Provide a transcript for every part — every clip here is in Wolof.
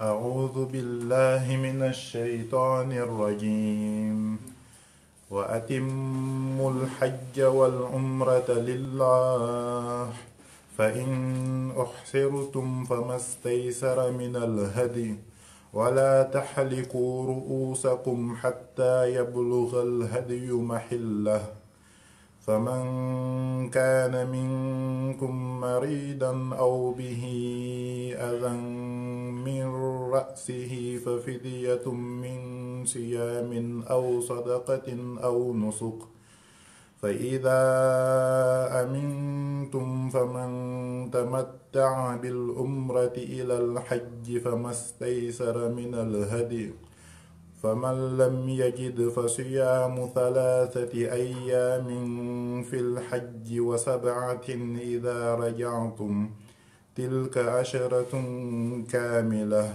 أعوذ بالله من الشيطان الرجيم وأتموا الحج والعمرة لله فإن أحسرتم فما استيسر من الهدي ولا تحلقوا رؤوسكم حتى يبلغ الهدي محله فمن كان منكم مريدا أو به أذى رأسه ففدية من صيام أو صدقة أو نسك فإذا أمنتم فمن تمتع بالأمرة إلى الحج فما استيسر من الهدي فمن لم يجد فصيام ثلاثة أيام في الحج وسبعة إذا رجعتم تلك عشرة كاملة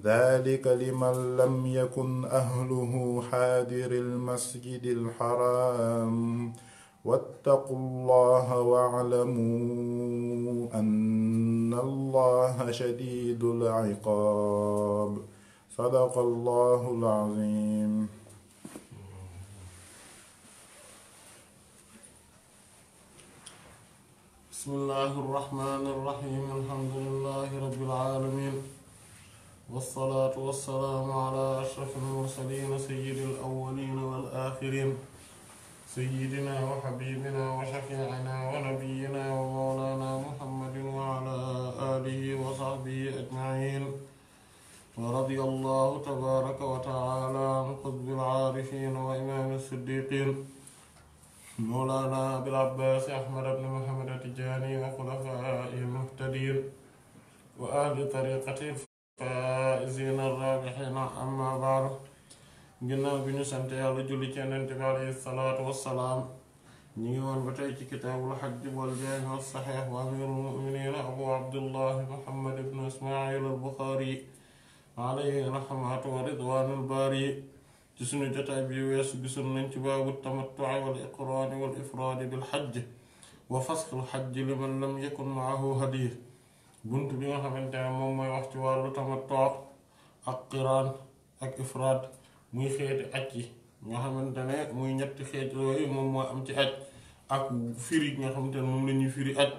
ذلك لمن لم يكن أهله حاضر المسجد الحرام واتقوا الله واعلموا أن الله شديد العقاب صدق الله العظيم بسم الله الرحمن الرحيم الحمد لله رب العالمين والصلاة والسلام على أشرف المرسلين سيد الأولين والآخرين سيدنا وحبيبنا وشفيعنا ونبينا ومولانا محمد وعلى آله وصحبه أجمعين ورضي الله تبارك وتعالى عن قطب العارفين وإمام الصديقين مولانا أبي العباس أحمد بن محمد التجاني وخلفائه المهتدين وآل طريقته زين الرابحين أما بعد جنا بنو سنت يالله جل جلاله تبارك الصلاة والسلام نيوان بتاعي كتاب الحج والجاه الصحيح وأمير المؤمنين أبو عبد الله محمد بن إسماعيل البخاري عليه رحمة ورضوان الباري جسن جتا بيويس جسن لنتباب التمتع والإقران والإفراد بالحج وفسق الحج لمن لم يكن معه هديه بنت بيوها من تعمم ويوحتوار التمتع ak qiraan ak ifraat muy xeeti aj yi nga xamante ne muy ñetti xeeti moom moo am ci aj ak firi nga xamante ne moom la ñuy firi aj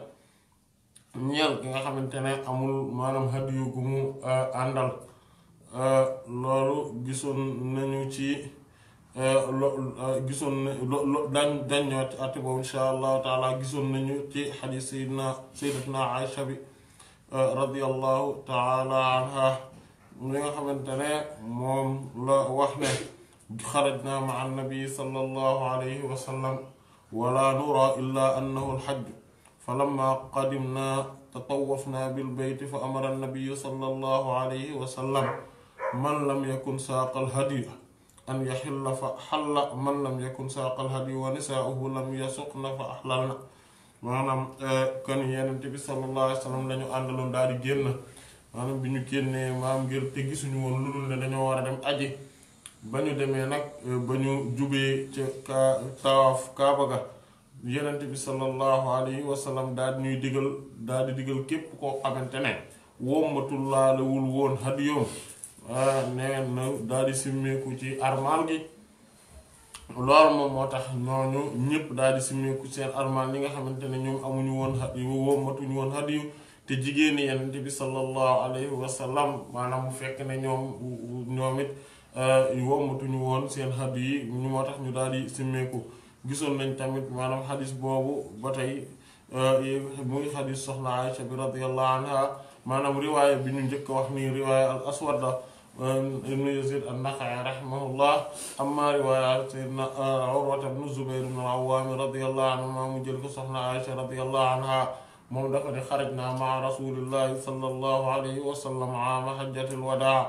ñeel gi nga xamante ne amul maanaam hadiyu gu mu euh, àndal euh, loolu gisoon nañu ci euh, lo gisoon nañu dañ dañ ci àtte boobu insha allahu taala gisoon nañu ci xadiis sayyidina sayyidatuna bi radiyallahu taala anha ليغا خامتاني موم لا خرجنا مع النبي صلى الله عليه وسلم ولا نرى الا انه الحج فلما قدمنا تطوفنا بالبيت فامر النبي صلى الله عليه وسلم من لم يكن ساق الهدي ان يحل فحل من لم يكن ساق الهدي ونساؤه لم يسقن فأحللنا manam آه، كان yenen صلى الله عليه وسلم lañu andalon daali جنة maanaam bi ñu génnee maam ngir te gisuñu woon lu dul ne dañoo war a dem aji ba ñu demee nag euh, ba ñu jubee ca kaa tawaaf kaaba ga yenent bi sallallahu alayhi wa sallam di ñuy digal daal di digal képp ko xamante ne wommatulaalewul woon hadiyoom ah, nee na daal di simmeeku ci armaal gi loolu moom moo tax ñooñu ñëpp daal di simmeeku seen armaal li nga xamante ne ñoom amuñu woon hadiyu wommatuñu woon hadiyu te jigéen ñi yonent bi sallallahu alayhi wa sallam maanaam mu fekk ne ñoom ñoom it euh, wommatuñu woon seen xad yi ñu moo tax ñu daal di simmeeku gisoon nañ tamit maanaam xadis boobu ba tey euh, mu ngi xadis soxna Aïcha bi radiyallahu anha maanaam riwaaya bi ñu njëkk wax nii riwaaya al aswad la euh, ibnu yazid an naqai rahimahullah amma riwaaya sayyidina awaami radiyallahu anhu mu jël ko soxna Aïcha radiyallahu anha موم دا خرجنا مع رسول الله صلى الله عليه وسلم عام حجة الوداع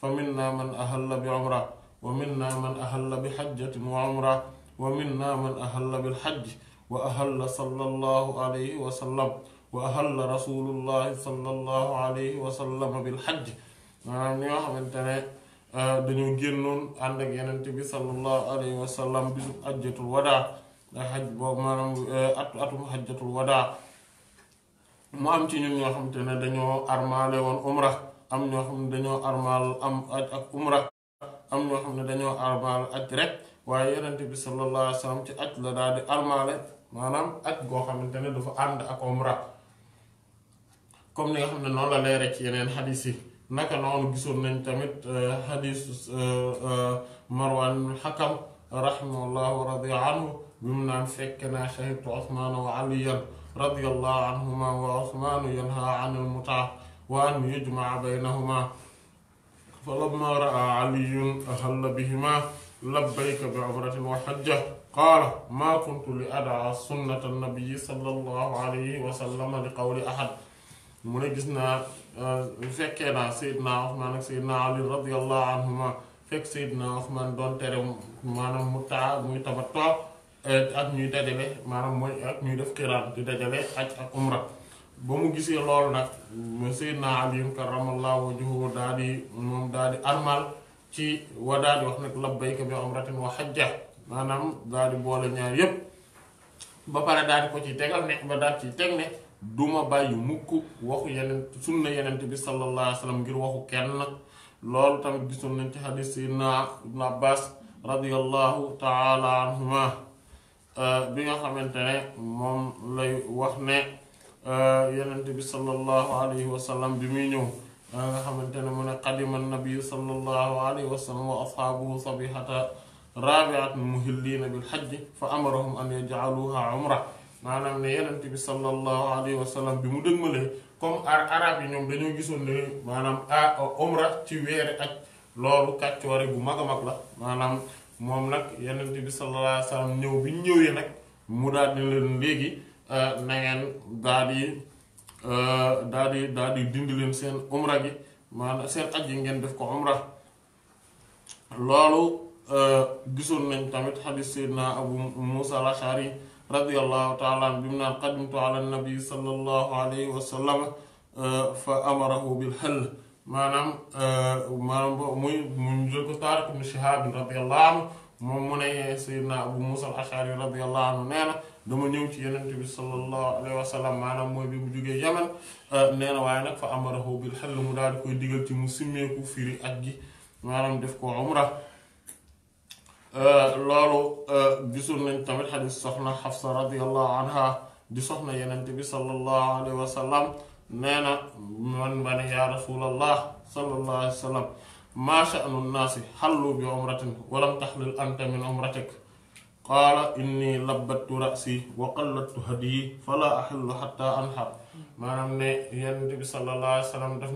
فمنا من أهل بعمرة ومنا من أهل بحجة وعمرة ومنا من أهل بالحج وأهل صلى الله عليه وسلم وأهل رسول الله صلى الله عليه وسلم بالحج dañu gennon and ak yenente bi sallallahu alayhi wa sallam bisu hajjatul wada hajj bo manam euh, atu hajjatul wada mu am ci ñun ñoo xam te ne dañoo armaale woon umra am ñoo xam ne dañoo armaal am aj ak umra am ñoo xam ne dañoo armaal aj rek waaye yonent bi sallallahu alayhi wa sallam ci aj la daal di armaale maanaam ak goo xam ne dafa ànd ak umra comme ni nga xam ne noonu la leere ci yeneen xadis yi naka noonu gisoon nañ tamit euh, xadisu euh, euh, marwan xakam rahimahullah wa radiya anhu bi mu naan fekk naa shahidtu osmaana wa aliyan رضي الله عنهما وعثمان ينهى عن المتعة وأن يجمع بينهما فلما رأى علي أهل بهما لبيك بعمرة وحجة قال ما كنت لأدعى سنة النبي صلى الله عليه وسلم لقول أحد من ne فكنا سيدنا عثمان سيدنا علي رضي الله عنهما فك سيدنا عثمان دون Seydina ما نمتع tere Eh, ak ñuy dajale maanaam mooy ak ñuy def xiraan di dajale aj ak umra ba mu gisee loolu nag Seydina Ali karamallahu wajhahu daal di moom daal di armal ci wa daal di wax nag labbayka maanaam daal di ñaar yépp ba ko ci tegal ne ba daal ci teg ne duma bàyyi mukk waxu yeneen sunna yenent bi sallallahu alayhi ngir waxu kenn loolu tamit gisoon nañ ci xadis Seydina Ibn Abbas radiyallahu taala anhuma Euh, bi nga xamante ne moom lay wax ne euh, yonent bi sallallahu alayhi wa bi muy ñëw euh, nga xamante ne mu ne qadima nabiyu sallallahu alayhi wa wa ashaabuhu sabihata an yaj'aluha umra maanaam ne yonent bi sallallahu alayhi wa sallam comme arab yi ñoom dañoo gisoon ne maanaam a ah, umra ci weere ak loolu kàccoore bu mag a mag la maanaam moom nag yonent bi sallallahu alayhi wa sallam ñëw bi ñëwee nag mu daal di leen léegi euh, na ngeen daal di euh, daal dindi leen seen umra bi maanaam seen aj yi ngeen def ko umra loolu euh, gisoon nañ tamit xadis seydna abu musa al-ashari radiyallahu taala bi mu naan qadimtu ala nabi sallallahu alayhi wa sallam fa amarahu bil hal manam euh manam bo muy mu jël ko Taariq ibn Shihaab radiyallahu anhu moom mu ne Seydina Abu musa al-Ash'ari radiyallahu anhu nee dama ñëw ci yenenbi bi sallallahu alayhi wa sallam manam moy bi mu jógee Yaman nee na waaye nag fa amarahu bil hal mu dal di koy digal ci musime simmeeku firi ak gi manam def ko umrah euh lolu euh gisul nañ tamit hadith sahna hafsa radhiyallahu anha di sahna yenenbi sallallahu alayhi wa sallam nee na man ma ne yaa rasulallah sallallahu alayhi wa sallam maa sha'nu naasi xallu bi umratin walam taxlil anta min umratik qaala inni labbattu ra'si wa qallattu hadyi fala axillu xatta anxar maanaam ne yonent bi sallallahu alayhi daf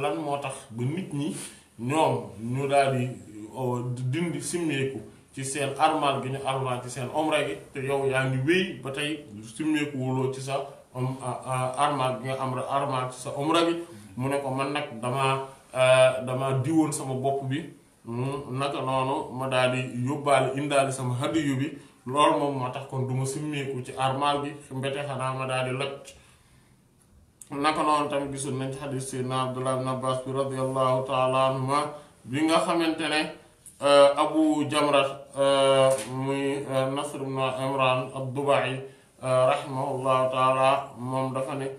ni moo tax bu nit ñi ñoom ñu daal oh, dindi simmeeku ci seen armal gi ñu armal ci seen omra gi te yow yaa ngi wéy ba tey simmeeku wuloo ci sa armal gi nga am armal ci sa omra gi mu ne ko man nag damaa damaa diwoon sama bopp bi naka noonu ma dal di yóbbaale indaale sama hadiyu bi loolu moom moo tax kon du ma simmeeku ci armal bi mbete xanaa ma daal di lacc naka noonu tamit gisul nañ ci xadis sayyidina Abdullah ibn Abbas bi radiyallahu taala anhuma bi nga xamante ne abu jamrat Euh, muy euh, Nasr ibn Imran ad-Dubai euh, rahimahullahu taala moom dafa ne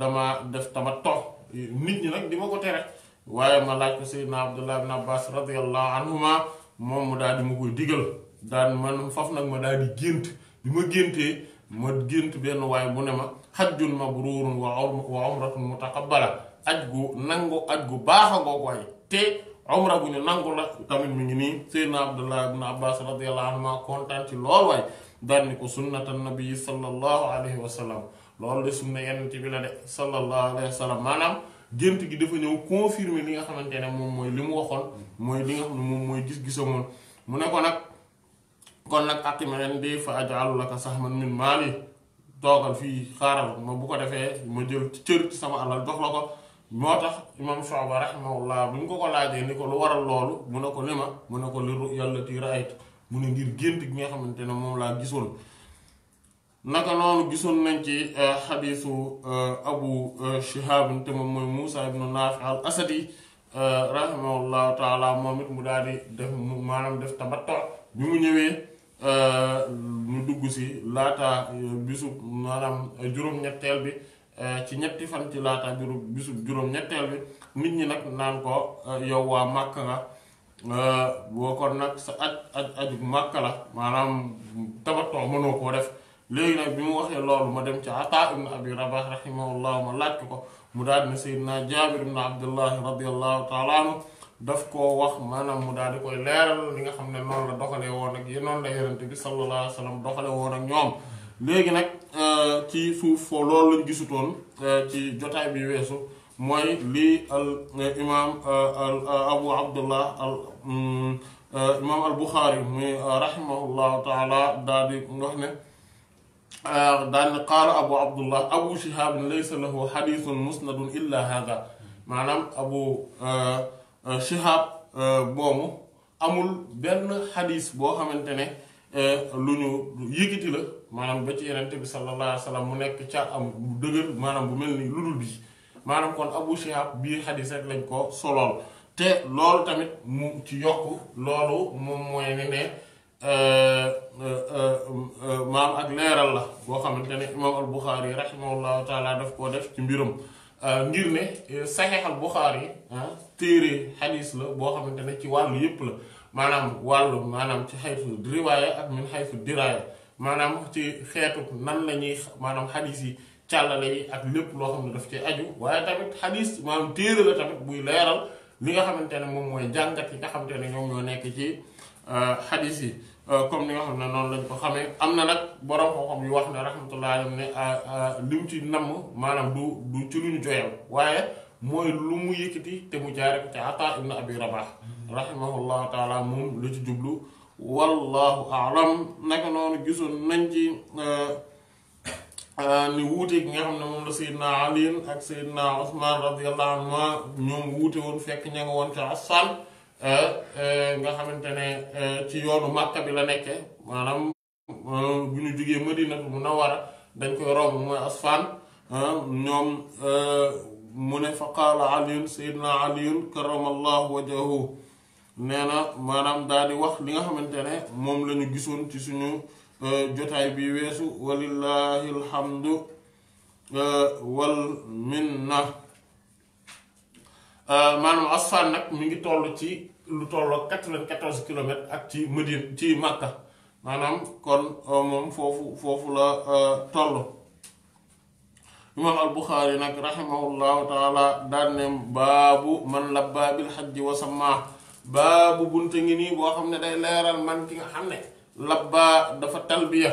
dama def tamattu nit ñi nag di ma ko tere waaye ma laaj ko Seydina Abdullah ibn Abbas radiyallahu anhuma moom mu daal di ma koy digal daan man faf nag ma daal di gént bi ma géntee ma gént benn waaye bu ne ma hajjun mabrurun wa umratun mutaqabbala aj gu nangu aj gu baax a ngoo koy te umra bu ñu nangu la tamit mu ngi nii seydna abdullah ibn abbas radiallahu anhuma kontaan ci lool waay daan ni ko sunnatan nabii sallallahu alayhi wa sallam loolu de sunna yenn bi la de sallallahu alayhi wa maanaam gént gi dafa ñëw confirmer li nga xamante ne moom mooy li mu waxoon mooy li nga xam moom mooy gis-gisamoon mu ne ko nag kon nag ak aqim indi fa ajaalu sax sahman min maali toogal fii xaaral ma bu ko defee ma jël ci cër ci sama alal jox la ko moo tax imam Shu'ba rahimahullah bi mu ko ko laajee ni ko lu waral loolu mu ne ko li ma mu ne ko li ru'yallati ra'aytu mu ne ngir gént gi nga xamante ne moom laa gisoon naka noonu gisoon nañ ci euh, xadiisu euh, abu euh, shihaab te moom mooy Muusa ibnu Naafi al asadi rahimahullahu taala moom it mu daal di def maanaam def tabatto bi mu ñëwee ñu dugg si laata bisu maanaam juróom-ñetteel bi Eh, ci ñetti fan ci laata juróom bisub juróom ñetteel bi nit ñi nag naan ko eh, yow waa màkk nga eh, boo kon nag sa aj aj ajug la maanaam tabattoo mënoo koo def léegi nag bi mu waxee loolu ma dem ci Ataa ibn Abi Rabah rahimahullah ma laaj ko mu daal di ne Seydina Jaabir ibn Abdullahi radiyallahu taala anhu daf koo wax maanaam mu daal di koy leeral li nga xam ne noonu la doxalee woon ak yi noonu la yonent bi sallallahu alayhi doxalee woon ak ñoom légui nak euh ci suuf foo loolu lañ gisutoon ci jotay bi wessu moy li al imam al abu abdullah al imam al buxaari muy rahimahullahu taala dadi di wax ne daal abu abdullah abu shihab laysa lahu hadithun musnad illa hadha manam abu shihab boomu amul ben hadith bo xamantene ne luñu yëgiti la maanaam ba ci yenente bi sallallahu alayhi wa mu nekk ca am bu dëgër maanaam bu mel ni lu dul bii maanaam kon Abu Shihab bii xadis rek lañ ko solool te loolu tamit mu ci yokk loolu moom mooy ne ne euh, euh, euh, maam ak leeral la boo xamante ne imaam al Buxaari rahimahullahu taala daf koo def ci mbiram ngir ne saxeex al Buxaari ah, téere xadis la boo xamante ne ci wàllu yépp la maanaam wàll maanaam ci xaytu riwaaya ak min xaytu diraaya maanaam ci xeetu nan la ñuy maanaam xadis yi càllale yi ak lépp loo xam ne daf ci aju waaye tamit xadis maanaam téere la tamit buy leeral li nga xamante ne moom mooy jàngat yi nga xamante ne ñoom ñoo nekk ci euh, xadis yi euh, comme ni nga xam ne noonu lañ ko xamee am na nag borom koo xam yu wax ne rahmatullahi alayhi ne euh, lim ci namm maanaam du du ci lu ñu waaye mooy lu mu yëkkati te mu jaare ko ci Ataa ibn Abi Rabah mm-hmm. rahimahullahu taala moom lu ci jublu wallahu alam naka noonu gisoon nañ ci euh, euh, ni wuute gi nga xam ne moom la sayidna alin ak sayidna ousman radiallahu anhuma ñoom wuute woon fekk ña nga woon ca assan euh, nga xamante ne ci yoonu màkka bi la nekke maanaam bu ñu jugee madinatu mu nawara dañ koy romb mooy asfan ñoom mu ne fa qaala aliyun sayidna aliyun karamallahu wajahu neena manam dari wax li nga xamantene mom lañu gisoon ci suñu euh, jotay bi wessu walillahi alhamdu euh, wal minna euh, manam asfan nak mi ngi tollu ci lu tollu 94 km ak ci medine ci Makka manam kon mom fofu fofu la tollu imam al bukhari nak rahimahullahu taala danem babu man wasamah. bil hajj wa baabu buntu ngi ni bo xamne day leral man ki nga xamne labba dafa talbiya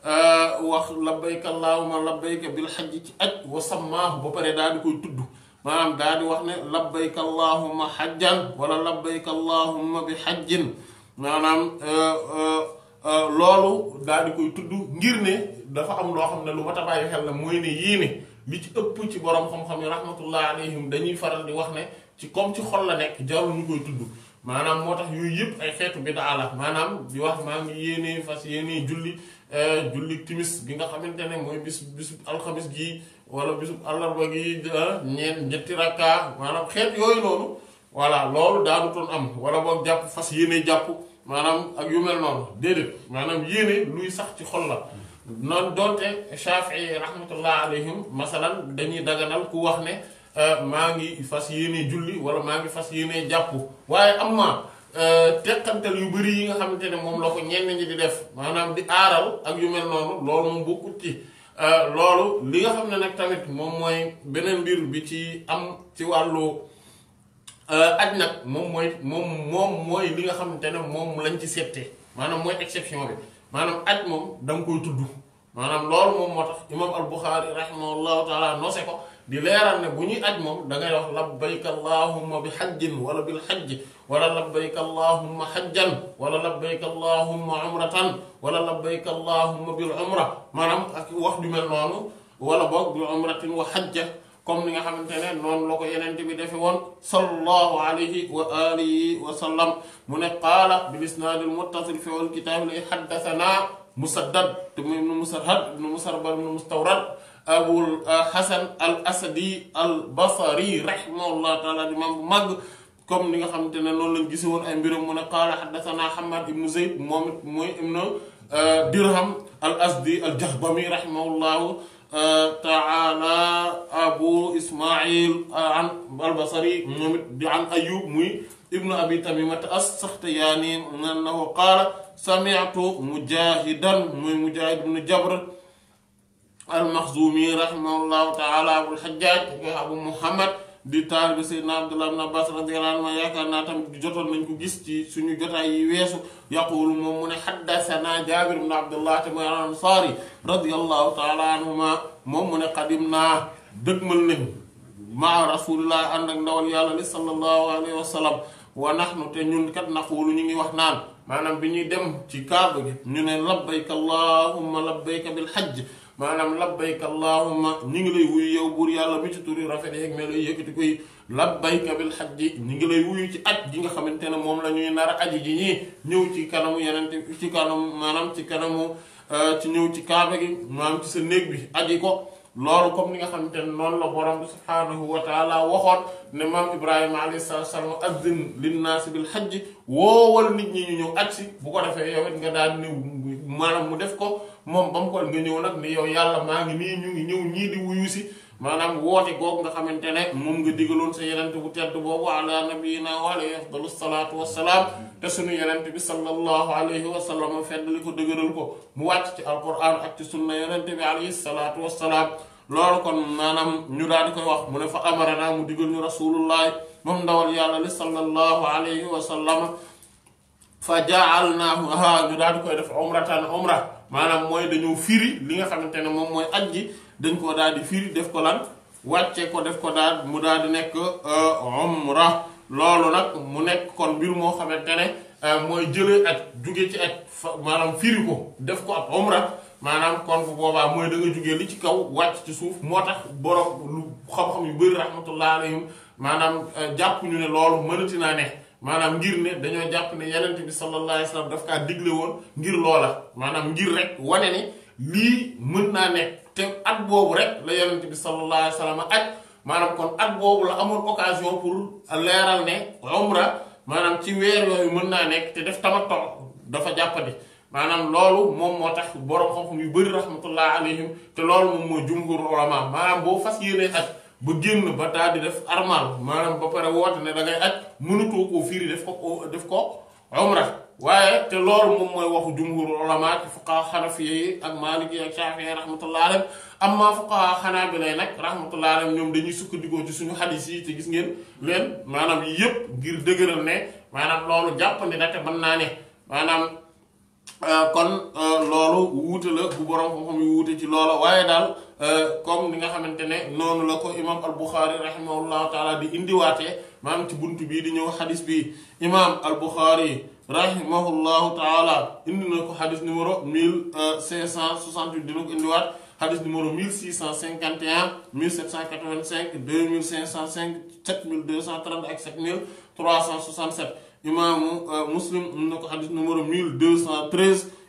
euh wax labbayka allahumma labbayka bil hajji ci aj wa sammaahu ba pare daal di koy tuddu manam daal di wax ne labbayka allahumma hajjan wala labbayka allahumma bi euh euh, euh lolu daal di koy tuddu ngir ne dafa am lo xamne ne lu mata baye xel la moy ne yi ne mi ci ëpp ci borom xam-xam yi rahmatullah alayhim dañuy faral di wax ne ci comme ci xol la nekk jarul ñu koy tudd maanaam moo tax yooyu yëpp ay xeetu bidaa la maanaam di wax maa ngi yéenee fas yéenee julli euh, julli timis gi nga xamante ne mooy bis bisu alxamis gi wala bisu àllarba gii ah, ñeen ñetti rakka maanaam xeet yooyu noonu voilà loolu daanutoon am wala boog jàpp fas yéene jàpp maanaam ak yu noonu déedéet maanaam yéenee luy sax ci xol la noon doonte Shaafi'i rahmatullah alayhim masalan dañuy daganal ku wax ne Euh, maa ngi fas yéene julli wala maa ngi fas yéene jàpp waaye am na euh, teqantal yu bëri yi nga xamante ne moom la ko ñenn ñi di def maanaam di aaral ak yu mel noonu loolu euh, loolu li nga xam ne nag tamit moom mooy beneen mbir bi ci am ci wàllu aj nag moom mooy moom moom mooy li nga xamante ne moom lañ ci settee maanaam mooy exception bi maanaam aj moom da nga koy tudd maanaam loolu moom moo tax imaam al-Bukhari rahimahullahu taala nose ko di leral ne bu aj mom da ngay wax labbayka allahumma bi xajjin wala bil xajj wala labbayka allahumma hajjan wala labbayka allahumma umratan wala labbayka allahumma bil umra maanaam ak wax du mel nonu wala bok bi umratin wa xajja comme ni nga xamantene non lako la ko bi defe won sallallahu alayhi wa alihi wa sallam mun qala bi isnad al muttasil fi al kitab li hadathana musaddad te mu ibnu musarhad ibnu musarbal mustawrad أبو الحسن الأسدي البصري رحمه الله تعالى الإمام مغ كم نيغا خامتنا نون لن غيسي وون اي قال حدثنا حماد بن زيد مومت موي ابن درهم الأسدي الجهبمي رحمه الله تعالى أبو إسماعيل عن البصري مومت عن أيوب مي ابن أبي تميمة السختياني أنه قال سمعت مجاهدا مجاهد بن جبر al-Maxzumi rahimahullahu taala abul Hajjaaj abu Muhammad di taal bi Seydina Abdullah ibn Abbas radiyallahu anhu yaakaar naa tam jotoon nañ ko gis ci suñu jotaay yi weesu yaquulu moom mu ne xaddasana Jaabir ibn Abdullah te mooy al-Ansaari radiyallahu taala anhuma moom mu ne qadim naa dëgmal nañ maa rasulillah ànd ak ndawal yàlla li sallallahu alayhi wa sallam wa nahnu te ñun kat naquulu ñu ngi wax naan maanaam bi ñuy dem ci kaaba gi ñu ne labbayka allahumma labbayka bil hajj manam labbayk allahumma ñu ngi lay wuyu yow bur yàlla bi ci turu rafet yek melo yëkkati koy labbayk bil hajj ñu ngi lay wuyu ci at gi nga xamantene mom la ñuy nar aji ji ñi ñëw ci kanamu yenente ci kanamu manam ci kanamu ci ñëw ci kaaba gi manam ci sa néeg bi aji ko loolu comme ni nga xamantene non la borom subhanahu wa taala waxon ne mam ibrahim alayhi salatu wa lin nas bil hajj wo wal nit ñi ñu ñëw aj ci bu ko defé yow nga daal ni manam mu def ko moom ba mu ko nga ñëw nag ni yow yàlla maa ngi nii ñu ngi ñëw ñii di wuyu si maanaam woote googu nga xamante ne moom nga digaloon sa yenent bu tedd boobu ala nabiyina wa alayhi afdalu salaatu wassalaam te suñu yenent bi sallallahu alayhi wa sallam feddali ko dëgëral ko mu wàcc ci alquran ak ci sunna yenent bi alayhi salaatu wassalaam loolu kon maanaam ñu daal di koy wax mu ne fa amarana mu digal ñu rasulullahi moom ndawal yàlla li sallallahu alayhi wa sallam fa jaalnaaha ñu daal di koy def umratan umra maanaam mooy dañoo firi li nga xamante ne moom mooy at gi dañ ko daal di firi def ko lan wàcce ko def ko daal mu daal di nekk euh, umra loolu nag mu nekk kon mbir moo xamante ne euh, mooy jëlee ak jóge ci ak fa maanaam firi ko def ko ak umra maanaam kon bu boobaa mooy da nga li ci kaw wàcc ci suuf moo tax borom lu xam-xam yu bëri rahmatullah alayhim maanaam euh, jàpp ne loolu mënati naa ne maanaam ngir ne dañoo jàpp ne yenent bi sallallahu alayhi wa sallam daf kaa digle woon ngir loola maanaam ngir rek wane ni lii mën naa nekk te at boobu rek la yenent bi sallallahu alayhi wa maanaam kon at boobu la amoon occasion pour leeral ne umra maanaam ci weer yooyu mën naa nekk te def tamattu dafa jàppandi maanaam loolu moom moo tax borom xam-xam yu bari rahmatullah alayhim te loolu moom mooy jumhur ulama maanaam boo fas yéenee aj ba génn ba daal di def armal maanaam ba pare woote ne da ngay aj mënatoo koo firi def ko def ko umra waaye te loolu moom mooy waxu jumhur ulama ci fuqaha xanafi yi ak maliki yi ak shaafi yi rahmatullah alayhim amma fuqaha xanaabila yi nag rahmatullah alayhim ñoom dañuy sukkandikoo ci suñu xadis yi te gis ngeen leen maanaam yi yëpp ngir dëgëral ne maanaam loolu jàppandi na te mën naa ne maanaam euh, kon euh, loolu wuute la bu borom xam-xam ci loola waaye daal Euh, comme ni nga xamante ne noonu la ko imaam al-Bukhari rahimahullahu taala di indiwaatee maanaam ci bunt bii di ñëw xadis bi imaam al-Bukhari rahimahullahu taala indi na ko xadis numéro 1568 dina ko indiwaat xadis numéro 1651 1785 2505 7230 ak 7367 imaamu euh, muslim indi na ko xadis numéro 1213.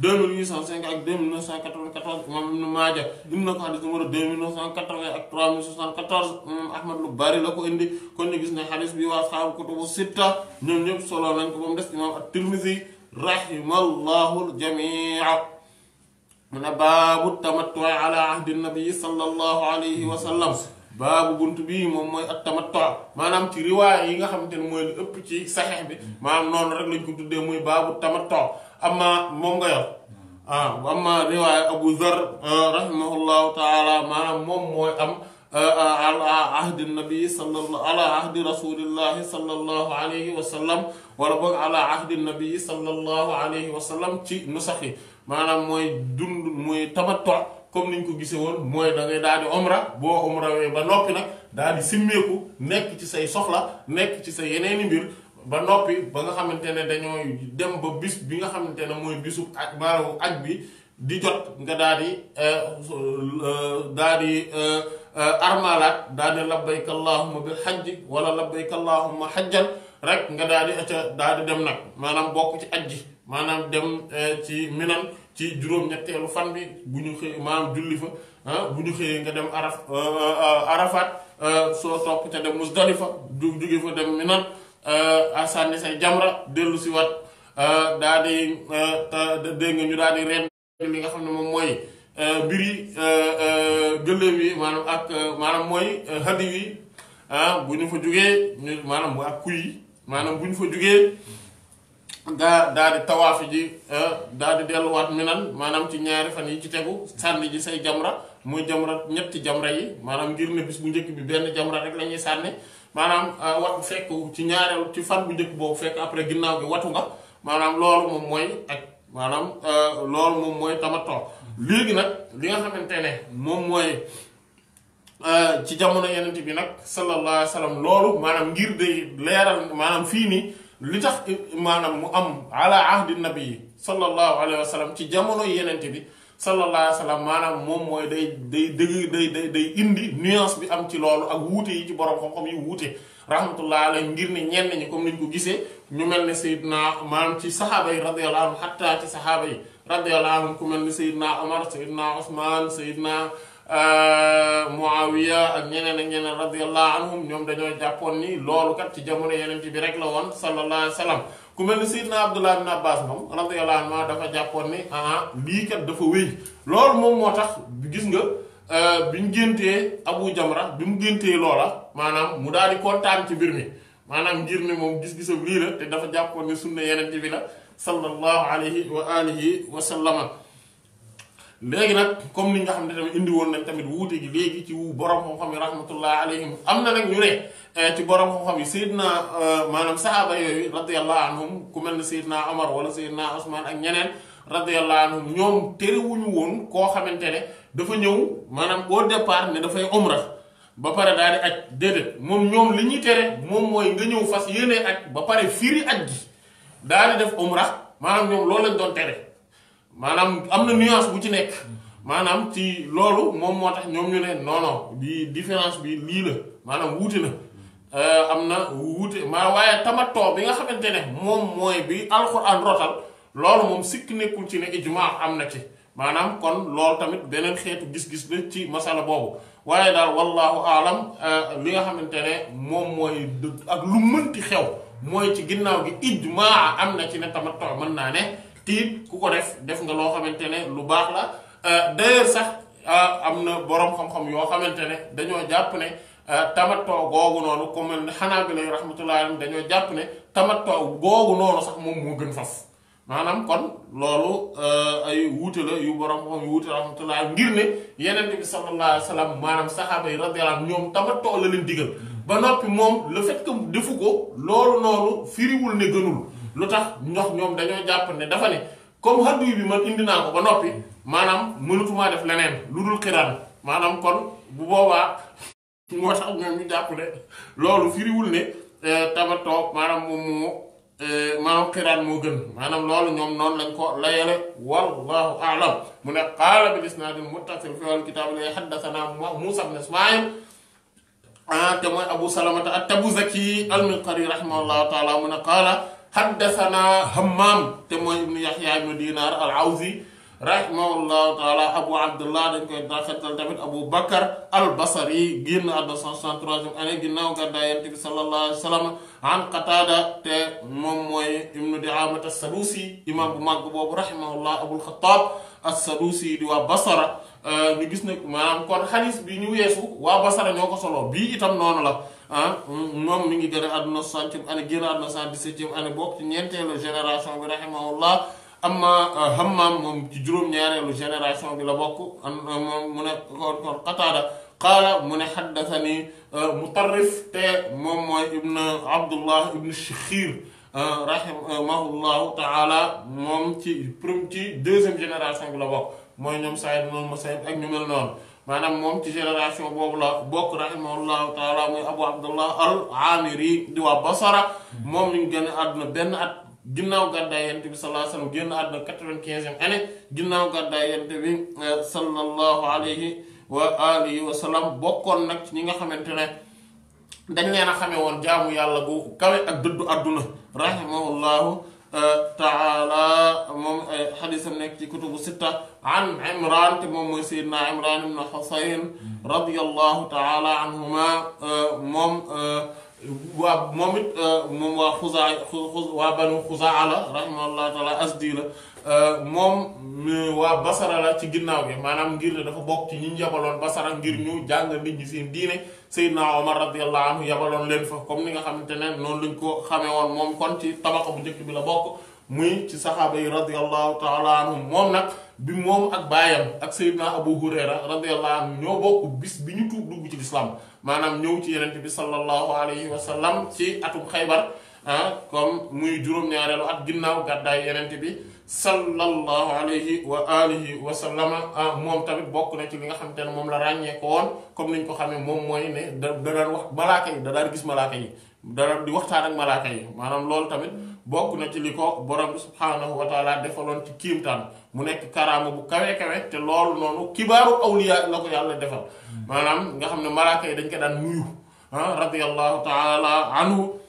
2805 ak 2994 imam Ibn Maaja indi na ko xadis numéro 2980 ak 3074 imam Ahmad lu bari la ko indi kon ñu gis ne xadis bi waa saabu kutubu sitta ñoom ñëpp solo nañ ko moom mu des imam at-Tirmidhi rahimallahu al-jamii' mun a baabu tamattu ala ahdi nabii sallallahu alayhi wa sallam baabu bunt bi moom mooy ak tamattu maanaam ci riwaay yi nga xamante ne mooy lu ëpp ci saxeex bi maa noonu rek lañ ko tuddee muy baabu tamattu amma moom nga yor ah amma riwaaya Abu Zar ah, rahimahullahu taala maanaam moom mooy am ah, ah, ala ahdi nabi sallallahu ala ahdi rasulillahi sallallahu alayhi wa sallam wala boog ala ahdi nabi sallallahu alayhi wa sallam ci nusaxi maanaam mooy dund mooy tamattu comme niñ ko gisee woon mooy da ngay daal di omra boo omrawee ba noppi nag daal di simmeeku nekk ci say soxla nekk ci say yeneeni mbir ba noppi ba nga xamante ne dañoo dem ba bis bi nga xamante ne mooy bisu aj barawu aj bi di jot nga daal di euh, daal di euh, armalaat daal di labbayka allahumma bil xaj wala labbayka allahumma hajjan rek nga daal di acca daal dem nag maanaam bokk ci aj ji maanaam dem euh, ci minan ci juróom-ñetteelu fan bi bu ñu xëyee maanaam julli fa ah, bu ñu xëyee nga dem araf arafat soo topp ca dem musdalifa du jóge fa dem minan a euh, sànni say jamra dellu si wat euh, daa di euh, dégg nga ñu daal di li nga xam ne moom mooy mbir yi gëléem yi maanaam ak maanaam mooy hadi yi ah, bu ñu fa jógee ñu maanaam bu ak kuy maanaam bu ñu fa jugee daa daa di tawaafi ji daa di delluwaat minan maanaam ci ñaari fan yi ci tegu sànni ji say jamra muy jamra ñetti jamra yi maanaam ngir ne bis bu njëkk bi benn jamra rek lañuy sànni maanaam euh, wat fekk ci ñaareelu ci fan bu njëkk boobu fekk après ginnaaw bi watu nga maanaam loolu moom mooy ak maanaam euh, loolu moom mooy tamatoo léegi nag li nga xamante ne moom mooy euh, ci jamono yenent bi nag sallallahu alayhi wa loolu maanaam ngir day leeral maanaam fii nii li tax maanaam mu am ala ahdi nabi sallallahu alayhi wa sallam ci jamono yenent bi sallallahu alayhi wa maanaam moom mooy day day dëgg day day day indi nuance bi am ci loolu ak wuute yi ci borom xam-xam yu wuute rahmatullahi alayhi ngir ne ñenn ñi comme niñ ko gisee ñu mel ne naa maanaam ci saxaaba yi radiyallahu anhum xatta ci saxaaba yi radiyallahu anhum ku mel ne Seydina Omar Seydina Ousmane Seydina euh, Muawiya ak ñeneen ak ñeneen radiyallahu anhum ñoom dañoo jàppoon ni loolu kat ci jamono yeneen ci bi rek la woon sallallahu alayhi ku mel ni Seydina Abdullah bin Abbas moom radiyallahu anhu dafa jàppoon ni ah lii kat dafa wéy loolu moom moo tax gis nga euh, bi ñu géntee Abu Jamra bi mu géntee loola maanaam mu daal di kontaan ci mbir mi maanaam ngir ne moom gis-gisam lii la te dafa jàppoon ni sunna yeneen bi la sallallahu alayhi wa alihi wa sallama léegi nag comme ni nga xam ne tamit indi woon nañ tamit wuute gi léegi ci wu borom xam-xam yi rahmatullah alayhim am na nag ñu ne eh, ci borom xam-xam yi Seydina eh, maanaam sahaaba yooyu radiyallahu anhum ku mel ne Seydina Omar wala Seydina Ousmane ak ñeneen radiyallahu anhum ñoom terewuñu woon koo xamante ne dafa ñëw maanaam au départ ne dafay umra ba pare daal di aj déedéet moom ñoom li ñuy tere moom mooy nga ñëw fas yéene aj ba pare fiir aj gi daal di def umra maanaam ñoom loolu lañ maanaam am na nuance bu ci nekk maanaam ci loolu moom moo tax ñoom ñu ne non non di différence bi lii la maanaam wuute na euh, am na wuute maa waaye tamatoo bi nga xamante ne moom mooy bi alxuraan rotal loolu moom sikk nekkul ci am na ci maanaam kon loolu tamit beneen xeetu gis-gis la ci masala boobu waaye daal wallahu alam euh, li nga xamante ne moom mooy ak lu mënti xew mooy ci ginnaaw gi ijmaa am na ci ne tamatoo mën naa ne tiit ku ko def def nga loo xamante ne lu baax la euh, d'ailleurs sax euh, am na boroom xam-xam yoo xamante ne dañoo jàpp ne euh, tamattoo googu noonu comme mel ne xanaa bi lay rahmatullahi dañoo jàpp ne tamattoo googu sax moom moo gën faf maanaam kon loolu ay wuute la yu boroom xam yu wuute rahmatullah ngir ne yeneen bi sallallahu alayhi wa sallam maanaam saxaaba yi radiyallahu anhum ñoom tamattoo la leen digal ba noppi moom le fait defu ko loolu noonu firiwul ne gënul lu tax ndox ñoom dañoo jàpp ne dafa ne comme haddu bi man indi naa ko ba noppi maanaam mënatumaa def leneen lu dul xiraan maanaam kon bu boobaa moo tax ñoom ñu jàpp ne loolu firiwul ne euh, tabatoo maanaam moom moo euh, maanaam xiraan moo gën maanaam loolu ñoom noon lañ ko layale wallahu aalam mu ne qaala bil isnaadil muttasil fi wal kitaab la haddasanaa Muusaa ibn Ismaayil ah, te mooy Abu Salamata at-Tabuzaki al-Minqari rahimahullahu taala mu ne qaala xaddasanaa Hammaam te mooy ibnu Yaxya ibnu Diinaar al-Awzi rahimahullahu taala Abu Abdullah dañ koy daxetal tamit Abu Bakar al-Basri génn àdduna 163e année ginnaaw gàddaay Yonent bi sallallahu alayhi wa sallam an Qataada te moom mooy ibnu Di'aamata as-Sadusi imaam bu màgg boobu rahimahullah Abul Xattaab as-Sadusi di waa Basra euh, ñu gis ne maanaam kon xadiis bi ñu weesu waa Basra ñoo ko solo bii itam noonu la. moom mi ngi gën a àdduna centième année génn àdduna cent dix-septième année bokk ci ñeenteelu génération bi rahimahullah amma euh, Hammam moom ci juróom-ñaareelu génération bi la bokk euh, moom mu ne kon mu ne xaddasani euh, Mutarrif te moom mooy ibn Abdullah ibn Shikhir rahimahullahu taala moom ci prim ci deuxième génération bi la bokk mooy ñoom Saïd noonu Musayyib ak ñu mel noonu maanaam moom ci génération boobu la bokk rahimahullahu taala muy abu abdullah al amiri di waa basara moom lañu gën a àdduna benn at ginnaaw gàddaay yonent bi sallallahu génn àdduna quatre-vingt-quinzième année ginnaaw gàddaay yonent bi eh, sallallahu alayhi wa alihi wa sallam bokkoon nag ci ñi nga xamante ne dañ leen a xame woon jaamu yàlla bu kawe ak dëddu àdduna rahimahullahu تعالى حديث نك كتب سته عن عمران مم سيدنا عمران بن حصين رضي الله تعالى عنهما مم wa momit mom wa khuza khuza wa banu khuza ala rahimahullah Euh, moom waa basara la ci ginnaaw bi maanaam ngir ne dafa bokk ci ñi ñu yabaloon basara ngir ñu jàng nit ñi seen diine Seydina Omar radiyallahu anhu yabaloon leen fa comme ni nga xamante ne noonu lañ ko xame woon moom kon ci tabaqa bu njëkk bi la bokk muy ci saxaaba yi radiyallahu taala anhum moom nag bi moom ak baayam ak Seydina Abu Hurayra radiyallahu anhu ñoo bokk bis bi ñu tuub dugg ci lislaam maanaam ñëw ci yeneen bi sallallahu alayhi wa sallam ci atum xaybar ah comme muy juróom-ñaareelu ginnaaw gàddaay yeneen bi. sallallahu alayhi wa alihi wa sallama ah, moom tamit bokk na ci li nga xam xamante ne moom la ràññee comme ni comme niñ ko xamee moom mooy ne da da daan wax malaaka yi da daan gis malaaka yi da di waxtaan ak malaaka yi maanaam loolu tamit bokk na ci li ko borom bi subhaanahu wa taala defaloon ci kiimtaan mu nekk karaama bu kawe kawe te loolu noonu kibaaru awliya la ko yàlla defal maanaam nga xam ne malaaka yi dañ ko daan nuyu ah, radiyallahu taala anhu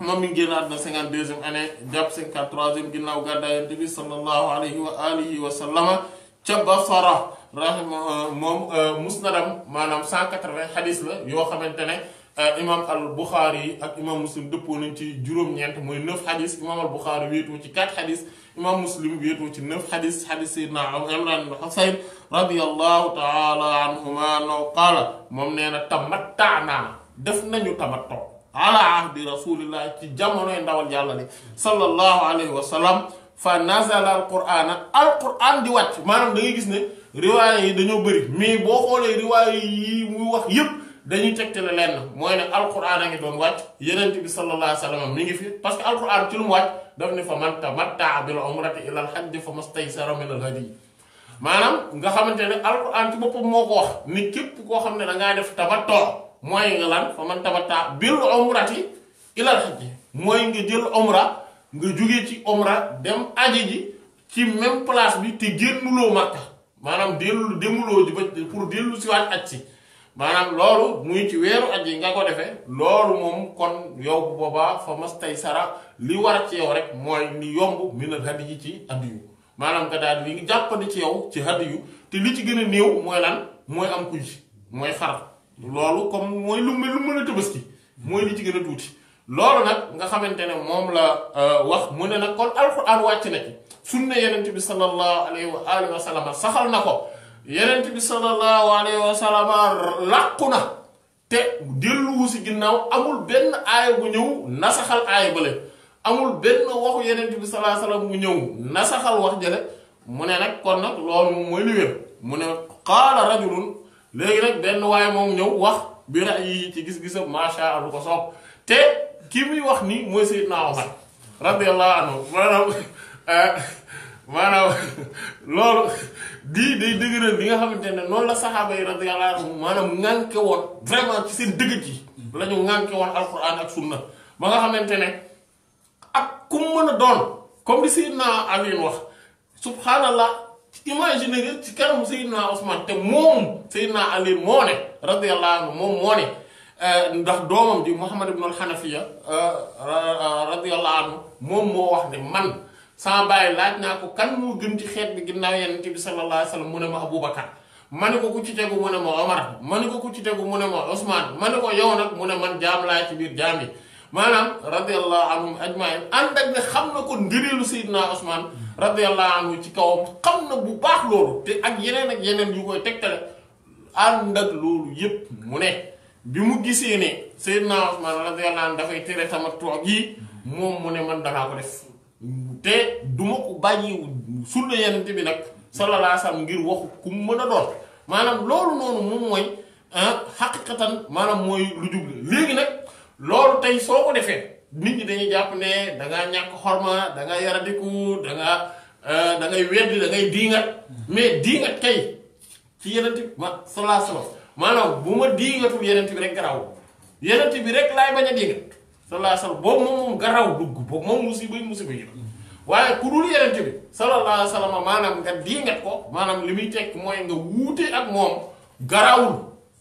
moom mi ngi génn àdduna cinquante deuxième année jàpp cinquante troisième ginnaaw gàddaay Yonent bi sallallahu alayhi wa alihi wa sallama ca Basra rahima euh, moom euh, musnadam maanaam cent quatre-vingts la yoo xamante ne euh, imam al Buxaari ak imam muslim dëppoo nañ ci juróom-ñeent mooy neuf xadis imam al Buxaari wéetoo ci quatre xadis imam muslim wéetoo ci neuf xadis xadis sayyidina Imran ibn Husayn radiyallahu taala anhuma no qaala moom nee na tamattaanaa def nañu tamattoo ala ahdi rasulillah ci jamonoy ndawal yàlla li sallallahu alayhi wa sallam fa nazala al qur'ana al qur'an di wàcc maanaam da gis ne riwaaya yi dañoo bëri mais boo xoolee riwaaya yi muy wax yépp dañuy tegtale lenn mooy ne alquran a ngi doon wàcc yenent bi sallallahu alayhi wa sallam ngi fi parce que alquran ci lu mu wàcc daf ne fa man tamatta'a bil umrati ilal hajji fa mastaysara minal hadyi maanaam nga xamante ne alquran ci boppam moo ko wax ni képp koo xam ne da ngaa mooy nga man tamatta bil omrati ilal nga jël omra nga jóge ci omra dem aji ji ci même place bi te génnuloo Makka maanaam dellu demuloo ji ba pour dellu siwaat aj si maanaam loolu muy ci weeru aj yi nga ko defee loolu moom kon yow boobaa fa mas tey sara li war ci yow rek mooy ni yomb minal hadi yi ci hadiyu maanaam nga daal li ngi jàppandi ci yow ci hadiyu te li ci gën a néew mooy lan mooy am kuy mooy xar loolu comme mooy lu mel lu mën a tabaski mooy li ci a tuuti loolu nag nga xamante ne moom la euh, wax mu ne nag kon alxuraan wàcc na ci sunna yenent bi sallallahu alayhi wa alihi wa sallama saxal na ko yenent bi sallallahu alayhi wa sallama làqu na te delluwu si ginnaaw amul benn aaya bu ñëw na saxal aaya bale amul benn waxu yenent bi sallallahu alayhi wa sallam bu ñëw na saxal wax jële mu ne nag kon nag loolu mooy li mu ne qaala rajulun léegi nag benn waaye moom ñëw wax bi ra'yi ci gis-gisam macha allah ko soob te kii muy wax ni mooy Seydina Omar radiyallahu anhu maanaam eh, maanaam loolu di day dëgëral li nga xamante ne noonu la saxaaba yi radiyallahu anhu maanaam ŋànke woon vraiment ci seen dëgg ji la ñu ŋànke woon alquran ak sunna ba nga xamante ne ak ku mën a doon comme li Seydina Aliin wax subhaanallah imaginer nga ci kanamu Seydina Ousmane te moom Seydina Ali moo ne radiyallahu anhu moom eh, ndax doomam ji Muhammad ibn al-Hanafiya eh, radiyallahu moom moo wax ne man sama bàyyi laaj naa ko kan moo gën ci xeet bi ginnaaw Yonent bi sallallahu alayhi wa mu ne ma Aboubacar ma ne ko ku ci tegu mu ma Omar ma ko ci tegu mu ne ma Ousmane ma ne ko yow nag mu ne man jaam laa ci biir jaam yi maanaam radiyallahu anhum ajmain ànd ak ne xam na ko ndirilu Seydina Ousmane radiyallahu anhu ci kawam xam na bu baax loolu te ak yeneen ak yeneen yu koy tegtale ànd ak loolu yépp mu ne bi mu gisee ne Seydina Usmaan radiyallahu anhu dafay tere tamattu gi moom mu ne man danaa ko def te duma ko bàyyi sunna yenent bi nag sallallahu alayhi ngir waxu ku mu mën a doon maanaam loolu noonu moom mooy xaqiqatan ah, maanaam mooy lu jub léegi nag loolu tey soo ko defee nit ñi dañuy japp ne da nga ñak xorma da nga yaradiku da ngaa euh, da ngay weddi da ngay diingat mais diingat kay ci yenent ma salaa sallam maanaam bu ma diingatul yenent bi rek graw yenent bi rek lay baña a diingat salaa sallam boobu mom moom garaw dugg boobu moom musibe yi la ku dul yenent bi sallallahu alayhi wa sallam maanaam nga diingat ko manam li tek moy nga wuute ak mom garawul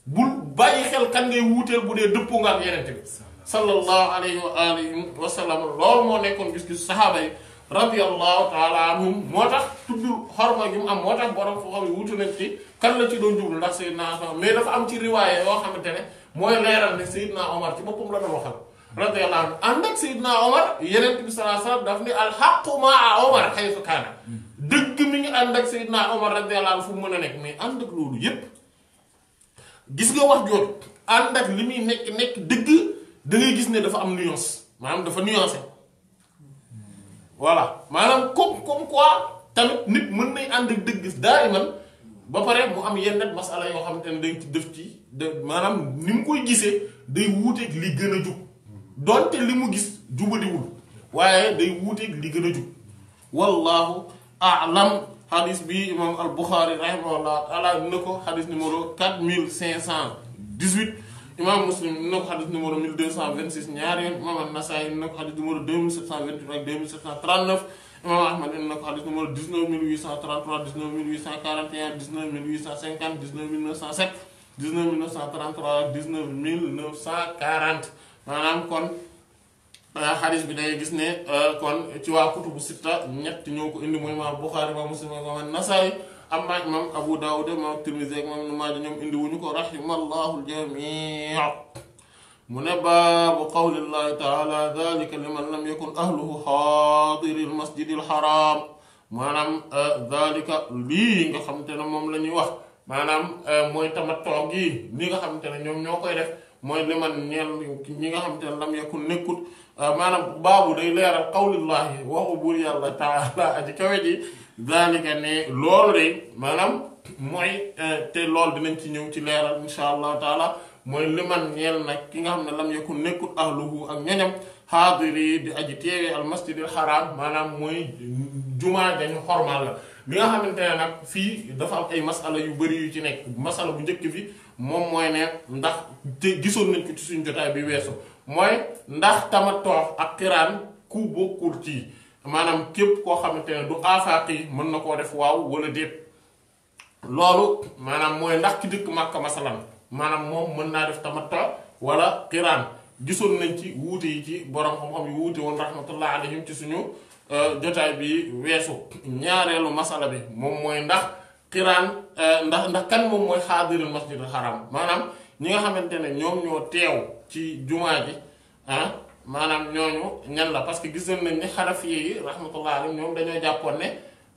bul bàyyi xel kan ngay wutel budé dee nga ak bi sallallahu alayhi wa alihi wa sallam loolu moo nekkoon gis-gis saxaaba yi radiyallahu taala anhum moo tax tudd xorma gi mu am moo tax borom foo xam ne wutu nañ ci kan la ci doon jublu ndax Seydina Omar mais dafa am ci riwaaye yoo xamante ne mooy leeral ne Seydina Omar ci boppam la doon waxal radiyallahu anhu ànd mi ngi ànd ak Seydina Omar radiyallahu anhu fu mu mën a nekk mais ànd ak loolu yépp gis nga wax jooju ànd ak li muy nekk nekk dëgg da ngay ne dafa am nuance manam dafa voilà manam comme comme quoi tamit nit mën nay ak daiman ba pare mu am yenn masala yo ne def ci de nim koy pas day ak li donte li mu wul waye day ak li wallahu alam bi imam al bukhari rahimahullah taala nako numéro 4518 imaam muslim dina ko xadis numéro 1226 ñaari yoon imaam an-Nasaa'i dina ko xadis numéro 2728 ak 2739 imaam ahmad dina ko xadis numéro 19833 19841 19850 19907 19933 19940 maanaam kon euh, xadis bi day gis ne euh, kon ci waa kutubu sitta ñett ñoo ko indi mooy imaam Buxaari imaam muslim ak imaam an-Nasaa'i amma imam abu daawud imam tirmisi ak imam nu maaja ñoom indi wuñu ko rahimallahu ljamii mu ne baabu qawlillahi taala dalika liman lam yakun ahluhu xaadiri lmasjidi lxaraam maanaam dalika lii nga xamante ne moom la ñuy wax maanaam mooy tamattoo gi li nga xamante ne ñoom ñoo koy def mooy liman ñeel ñi nga xamante ne lam yakun nekkut maanaam baabu day leeral qawlillahi waxu buur yàlla taala aji kawe ji zalika ne lool de maanaam mooy euh, te loolu dinañ ci ñëw ci leeral insha allah taala mooy liman ñeel nag ki nga xam ne lam yakun nekkul ahluhu ak ñoñam xaadiri di aj teewee al masjidil xaraam maanaam mooy jumaa dañu xormal la bi nga xamante ne nag fii dafa am ay masala yu bari yu ci nekk masala bu njëkk bi moom mooy ne ndax te gisoon nañ suñu jotaay bi weesu mooy ndax tamatoox ak xiraan ku bokkul ci maanaam képp koo xamante ne du aafaaq yi mën na koo def waaw wala déet loolu maanaam mooy ndax ki dëkk Màkka masalan maanaam moom mën naa def tamatta wala xiraan gisoon nañ ci wuute yi ci borom xam-xam yu wuute woon rahmatullah alayhim ci suñu euh, jotaay bi weesu ñaareelu masala bi moom mooy ndax xiraan euh, ndax ndax kan moom mooy xaadirul masjidul xaram maanaam ñi nga xamante ne ñoom ñoo teew ci jumaa ji ah maanaam ñooñu ñan la parce que gisoon nañ ni xanafi yi rahmatullah alayhim ñoom dañoo jàppoon ne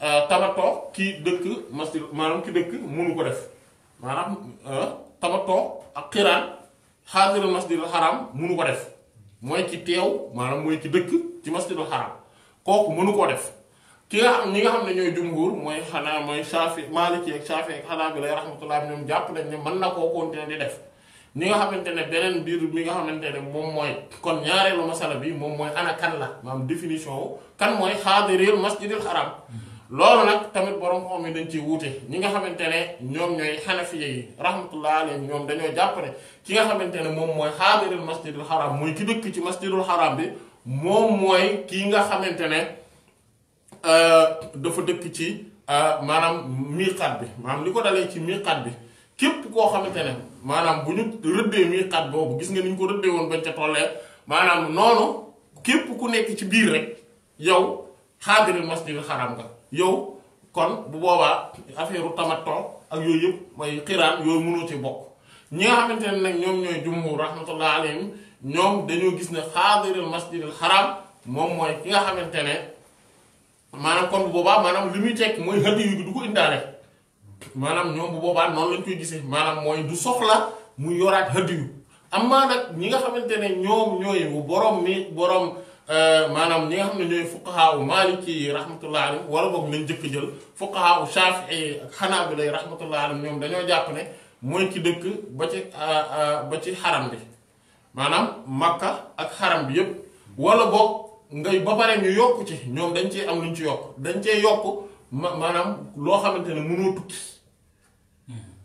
euh, tamatoo ki dëkk masjid maanaam ki dëkk mënu ko def maanaam euh, tamatoo ak xiraan xaadiral masjidul xaram mënu ko def mooy ci teew maanaam mooy ci dëkk ci masjidul xaram kooku mënu koo def ki nga xam ñi nga xam ne ñooy jumhur mooy xanaa mooy Shaafi Maaliki ak Shaafi ak Hanaabila rahmatullah ñoom jàpp nañ ne mën na koo continuer di def. ni nga xamante ne beneen biir mi nga xamante ne moom mooy kon ñaareelu masala bi moom mooy ana kan la maam définition wu kan mooy xaadiril masjidil xaram loolu nag tamit borom xoom yi ciy wuute ñi nga xamante ne ñoom ñooy xanafiya yi rahmatullah ñoom dañoo jàpp ki nga xamante ne moom mooy xaadiril masjidil xaram mooy ki dëkk ci masjidul xaram bi moom mooy kii nga xamante ne euh, dafa dëkk ci euh, maanaam miiqaat bi maanaam li ko dalee ci miiqaat bi képp koo xamante ne maanaam bu ñu rëddee miiqaat boobu gis nga ni ñu ko rëddee woon bañ ca tollee maanaam noonu képp ku nekk ci biir rek yow xaadiril masjidil xaraam nga yow kon bu boobaa affaire tamaton ak yooyu yëpp mooy xiraan yooyu mënoo ci bokk ñi nga xamante ne nag ñoom ñooy jumhur rahmatullah alayhim ñoom dañoo gis ne xaadiril masjidil xaram moom mooy ki nga xamante ne maanaam kon bu boobaa maanaam li muy tekk mooy hadiyu bi du ko indaale maanaam ñoom bu boobaa noonu lañ koy gisee maanaam mooy du soxla mu yoraat hadiyu am nag ñi nga xamante ne ñoom ñooy borom mi borom euh, maanaam ñi nga xam ne ñooy fuqahaa u maaliki rahmatullahi alayhim wala boog nañ jëkk jël fuqahaa u shafii ak xanaabila rahmatullahi alayhim ñoom dañoo jàpp ne mooy ki dëkk ba ci euh, euh, ba ci xaram bi maanaam makka ak xaram bi yépp wala boog ngay ba pare ñu yokk ci ñoom dañ cee am luñ ci yokk dañ cee yokk ma maanaam loo xamante ne mënoo tukki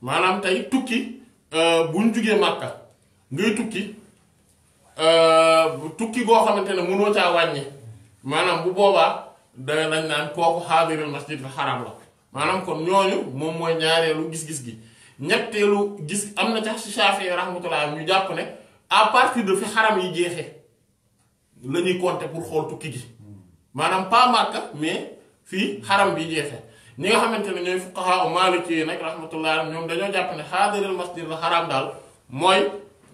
maanaam tey tukki euh, bu ñu jugee màkka ngay tukki euh, tukki goo xamante ne mënoo caa wàññi maanaam bu boobaa da lañ naan kooku xaadiril masjidil xaram la maanaam kon ñooñu moom mooy ñaareelu gis-gis gi ñetteelu gis am na tax si Shaafi'i rahmatullah ñu jàpp ne à partir de fi xaram yi jeexee la ñuy compter pour xool tukki gi maanaam pas màkka mais fii xaram bi jeexee ñi nga xamante ne ñooy fuqahaa maaliki yi nag rahmatullah ñoom dañoo jàpp ne xaadiril masjidil xaraam daal mooy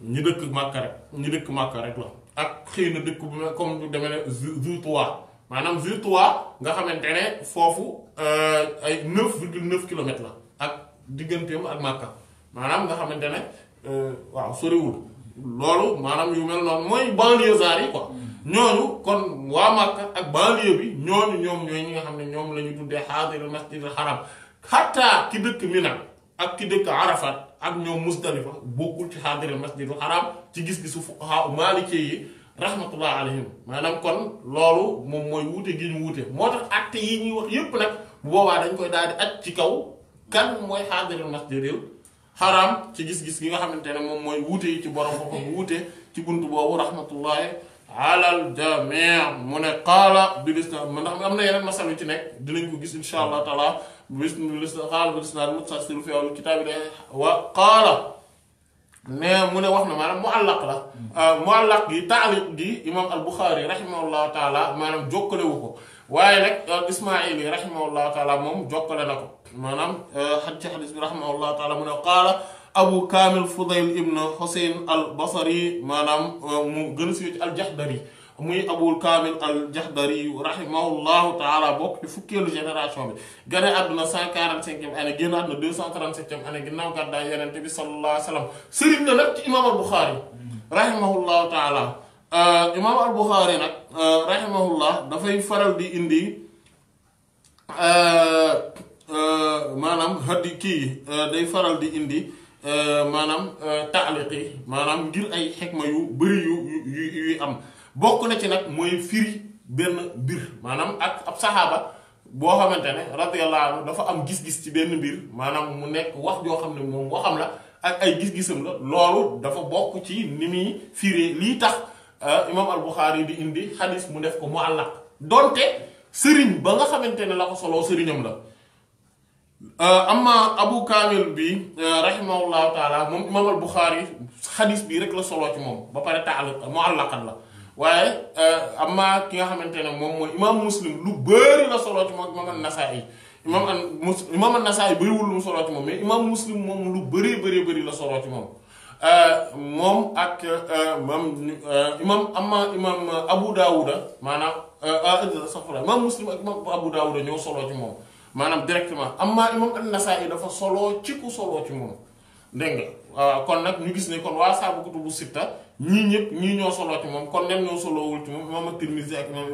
ñu dëkk Màkka rek ñu dëkk Màkka rek la ak xëy dëkk bu mel comme lu demee ne Zu Tuwa maanaam Zu Tuwa nga xamante ne foofu euh, ay 9 virgule 9 kilomètres la ak digganteem ak Màkka maanaam nga xamante ne euh, waaw soriwul loolu maanaam yu mel noonu mooy banlieusards yi quoi. ñooñu kon waa Makka ak banlieue bi ñooñu ñoom ñooy ñi nga xam ne ñoom la ñu tuddee xaadirul masjidil haram xataa ki dëkk Mina ak ki dëkk Arafat ak ñoom Musdalifa bokkul ci xaadirul masjidil haram ci gis-gisu fuqahaa maalikee yi rahmatullah alayhim maanaam kon loolu moom mooy wuute gi ñu wuute moo tax acte yi ñuy wax yépp bu boobaa dañ koy daal di aj ci kaw kan mooy xaadirul masjidil haram ci gis-gis gi nga xamante ne moom mooy wuute ci borom boppam wuute ci bunt boobu rahmatullahi alal jamii mu ne qaala bil isnaad man ndax am na yeneen masal yu ci nekk dinañ ko gis insha allah taala bis bil isnaad qaala bil isnaad muttasil fi awwal kitaab yi de wa qaala ne mu ne wax na maanaam muallaq la hmm. ah, muallaq gi taaliq gi imaam al buxaari rahimahullahu taala maanaam jokkalewu ko waaye nag ah, ismail yi rahimahullahu taala moom jokkale na ko maanaam xaj ah, ci xadis bi rahimahullahu taala mu ne qaala أبو كامل فضيل ابن حسين البصري مانام مغنسيوت الجحدري مي أبو الكامل الجحدري رحمه الله تعالى بوك فكي الجنراتشون بي غنى أدنى 145 أنا غنى أدنى 237 أنا غنى وقعد يا نبي صلى الله عليه وسلم سيرنا لك إمام البخاري رحمه الله تعالى إمام البخاري رحمه الله دفعي فرل دي اندي مانام هدي كي دي دي اندي Euh, maanaam euh, taaliq maanaam ngir ay xekma yu bëri yu yu yuy am bokk na ci nag mooy firi benn mbir maanaam ak ab saxaaba boo xamante ne radiyallahu anhu dafa am gis-gis ci benn mbir maanaam mu nekk wax joo xam ne moom xam la ak ay gis-gisam la loolu dafa bokk ci ni muy firi lii tax euh, imaam al-Bukhari di indi xadis mu def ko mu àllaq donte sëriñ ba nga xamante ne la ko soloo sëriñam la آه، أما أبو كامل بي آه، رحمه الله تعالى مم البخاري حديث بي رك لصلاة مم بفارة تعلق معلق الله واي أما كي هم انتنا مم إمام مسلم لو بير لصلاة مم إمام النسائي إمام إمام النسائي بيو لصلاة مم إمام مسلم مم لو بير بير بير لصلاة مم مم أك مم إمام أما إمام أبو داود معنا أه, آه، سفر إمام مسلم أك أبو داود نيو صلاة مم maanaam directement amma imam an-Nasaa'i dafa solo ci ku soloo ci moom dégg nga kon nag ñu gis ne kon waa saabu kutubu sitta ñii ñëpp ñii ñoo soloo ci moom kon nen ñoo soloowul ci moom imam at-Tirmidhi ak imam euh,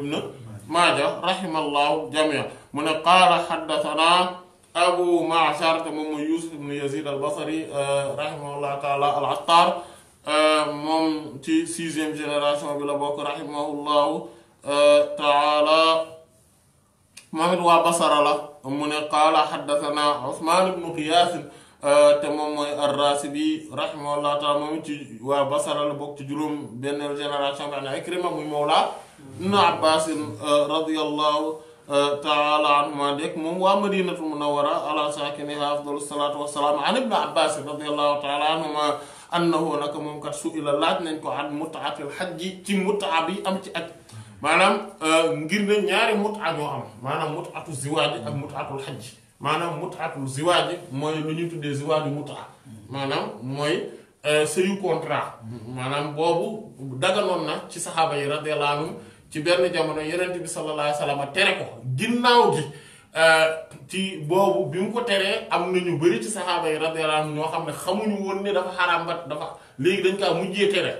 euh, génération bi la bokk euh, moom it waa Basara la mu ne qaala xaddasanaa Usmaan ibnu Qiyaas euh, te moom mooy ar-Raasibi rahimahullah taala moom ci waa Basra la bokk ci juróom benn génération bi ana Ikrima muy mawla ibnu Abbaas euh, radiyallahu euh, taala anhuma dek moom waa Madinatul Munawwara ala saakinihaa afdalu salaatu wa salaam an ibnu Abbaas radiyallahu taala anhuma annahu naka moom kat su ila laaj nañ ko an mutaatil xajji ci mutaa bi am ci ak maanaam euh, ngir ne ñaari mutaa ñoo am maanaam mutaatu ziwaaj ak mutaatul xaj maanaam mutaatul ziwaaj mooy lu ñuy tuddee ziwaaju mutaa maanaam mooy euh, sëyu contrat maanaam boobu daganoon na ci saxaaba yi radiyallaahu ci benn jamono yonent bi sallallaahu alayhi wa sallam tere ko ginnaaw gi euh, ci boobu bi mu ko teree am ñu bëri ci saxaaba yi radiyallaahu anhum ñoo xam ne xamuñu woon ne dafa xaraam ba dafa léegi dañ kaa mujjee tere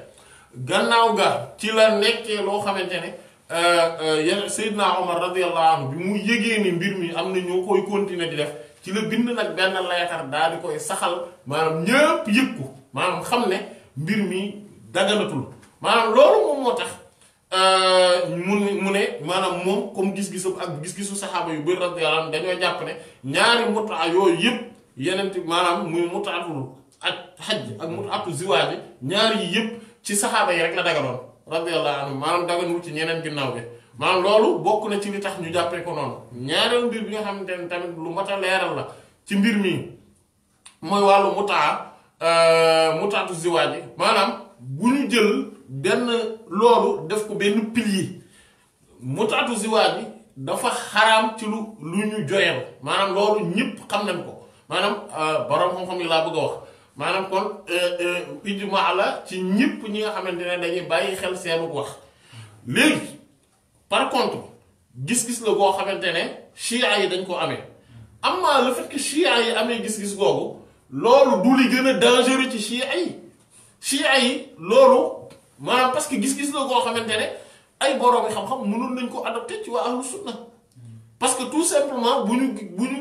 gannaaw ga ci la nekkee loo xamante ne Euh, euh, Seydina Omar radiyallahu anhu bi mu yégee ni mbir mi am na ñoo koy continuer di def ci la bind nag benn leetar daal di koy saxal maanaam ñëpp yëg ko maanaam xam ne mbir mi daganatul maanaam loolu moom moo tax euh, mu ne maanaam moom comme gis-gisu ak gis-gisu saxaaba yu bëri radiyallahu anhu dañoo jàpp ne ñaari mutaa yooyu yëpp yeneen maanaam muy mutaatul ak xaj ak mutaatul ziwaaj ñaar yi yëpp ci saxaaba yi rek la daganoon radiyallahu anhu maanaam daganul ci ñeneen ginnaaw bi maanaam loolu bokk na ci li tax ñu jàppee ko noonu ñaareel mbir bi nga xamante ne tamit lu mat a leeral la ci mbir mi mooy wàllu mutaa euh, mutaatu ziwaaj yi maanaam bu ñu jël benn loolu def ko benn pilier mutaatu ziwaaj bi dafa xaraam ci lu lu ñu joyal maanaam loolu ñëpp xam nañ ko maanaam euh, borom xam-xam yi laa bëgg a wax. manam kon euh euh ijmaa la ci ñepp ñi nga xamantene dañuy bayyi xel seenu wax mais par contre gis-gis la goo xamantene ne yi dañ ko amé amma le fait que chia yi amé gis-gis gogou loolu du li gën dangereux ci chia yi chia yi loolu manam parce que gis-gis la goo xamantene ay borom xam-xam mënoon nañ ko adopté ci wa ahlus sunna parce que tout simplement buñu buñu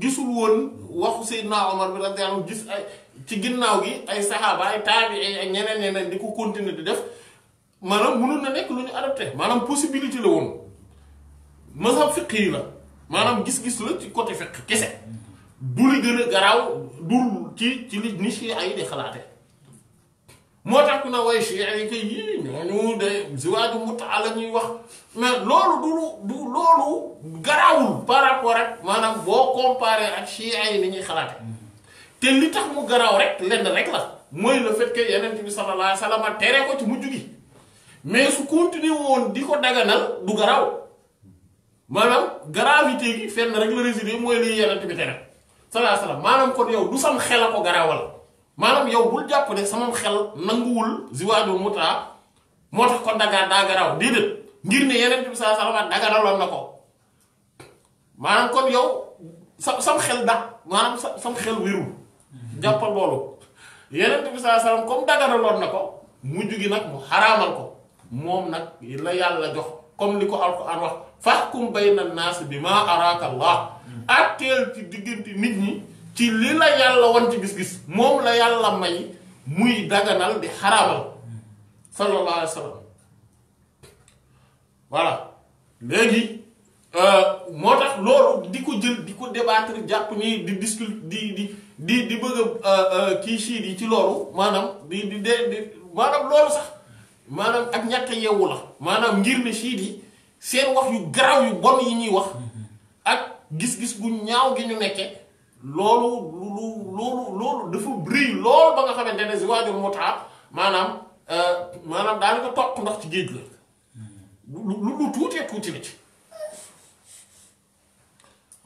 gisul won waxu sayyidna Omar bi radhiyallahu anhu gis ay ci ginnaaw gi ay saxaaba ay taabi ay ñeneen ñeneen di ko continuer di def maanaam mënul na nekk lu ñu adopté maanaam possibilité la woon mazhab maanaam gis-gis la ci côté fiq kese du li gën a garaaw dul ci ci li ni chia yi di xalaate moo tax ku ne waaye chia yi kay yii ñooñu de ziwaaju mutaa la ñuy wax mais loolu du du loolu garaawul par rapport ak maanaam boo comparé ak chia yi ni ñuy xalaate te li tax mu garaaw rek lenn rek la mooy le fait que yeneen bi sallallahu alayhi wa sallam ko ci mujj gi mais su continuer woon di ko daganal du garaaw maanaam gravité gi fenn rek la résider mooy li yeneen bi tere sallallahu alayhi maanaam ko yow du sam xel ko garaawal maanaam yow bul jàpp ne sama xel nanguwul ziwaaju muta moo tax kon dagaan daa garaaw déedéet ngir ne yeneen bi sallallahu alayhi wa sallam na ko maanaam kon yow sa sam xel da maanaam sa sam xel wérul jàppal loolu yeneen bi saa salaam comme daganaloon na ko mu gi nag mu xaraamal ko moom nag la yàlla jox comme li ko alquran wax fahkum bayna naas bi ma araaka allah atteel ci diggante nit ñi ci li la yàlla wan gis-gis moom la yàlla may muy daganal di xaraamal sallallahu alayhi wa sallam léegi Euh, moo tax loolu di ko jël di ko débattre jàpp ni di discuter di di di di bëgg a euh, euh, kii yi ci loolu maanaam di di de maanaam loolu sax maanaam ak ñett yeewu la maanaam ngir ne siit yi seen wax yu garaaw yu bon yi ñuy wax ak gis-gis gu ñaaw gi ñu nekke loolu lu loolu loolu dafa bëri loolu ba nga xamante ne ziwaaju motaa maanaam maanaam daanaka toq ndox ci géej la lu lu tuutee tuuti la ci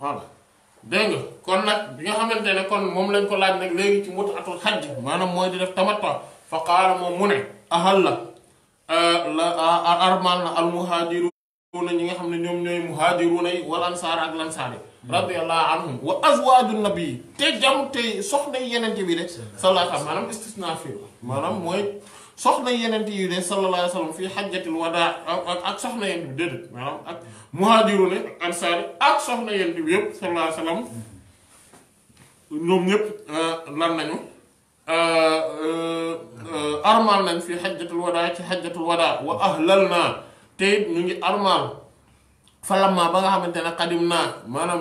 voilà dégg nga kon nag bi nga xamante ne kon moom lañ ko laaj nag léegi ci mut atul xajj maanaam mooy di def tamattu fa qaala moom mu ne ahal la euh, la armal na al muhaajiruuna ñi nga xam ne ñoom ñooy muhaajiruuna yi wal ansaar ak lansaar yi radiyallahu anhum wa azwaaju nabi te jam te soxna yeneen bi de sallallahu alayhi maanaam istisna mooy soxna yeneen yi de sallallahu alayhi wa sallam fii xajjatil wadaa ak soxna yeneen bi déedéet maanaam ak muhaajiruun ak ansaari ak soxna yeneen bi yëpp sallallahu alayhi wa sallam ñoom ñëpp euh, lan nañu euh, euh, armal nañ fii xajjatul wadaa ci xajjatul wa ahlal te ñu ngi armal falamma ba nga xamante ne xadim naa maanaam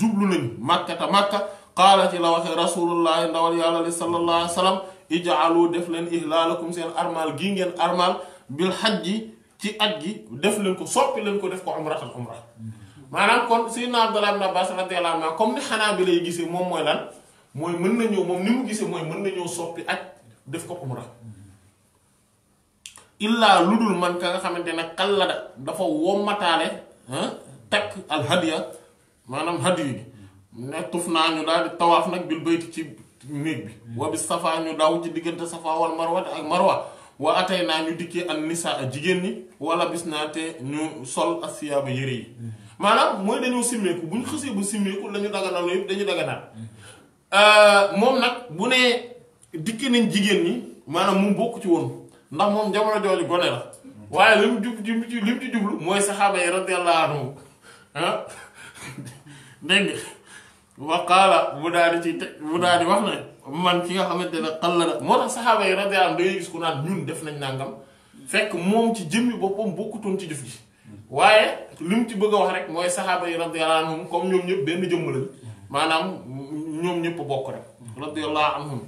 jublu nañ màkkata màkka qaala ci la waxee rasulullahi ndawal yàlla li sallallahu alayhi ijaalu def leen ihlaalakum seen armal gii ngeen armal bil xaj gi ci at gi def leen ko soppi leen ko def ko umratan umra maanaam kon sayyidina Abdullah ibn Abbas radiyallahu anhu comme ni xanaa bi lay moom mooy lan mooy mën na ñëw moom ni mu gisee mooy mën na ñëw soppi aj def ko umra illaa lu dul man ka nga xamante ne xallada dafa wommataale takk al hadiya maanaam hadiyu gi ne tuf naa ñu daal tawaaf nag bil bayti ci néeg bi wa bi safaa ñu daw ci diggante safaa wal marwa ak marwa wa atay naa ñu dikkee an nisaa jigéen ñi wala bis naa te ñu sol asiyaaba yére yi maanaam mooy dañoo simmeeku bu ñu xësee bu simmeeku la ñu daganal yëpp dañu daganal euh, moom nag bu ne dikki nañ jigéen ñi maanaam mu bokk ci woon ndax moom jamono jooju gone la waaye li mu jub li mu ci mooy saxaaba yi radiyallahu anhu ah dégg nga waqaala mu daal di ci teg mu daal di wax ne man ki nga xamante ne xalla na moo tax saxaaba yi radiyallaahu anhum day gis ku naan ñun def nañ nangam fekk moom ci jëmmi boppam bokkutoon ci jëf ji waaye li mu ci bëgg a wax rek mooy saxaaba yi radiyallaahu anhum comme ñoom ñëpp benn jëmm lañ maanaam ñoom ñëpp bokk rek radiyallaahu anhum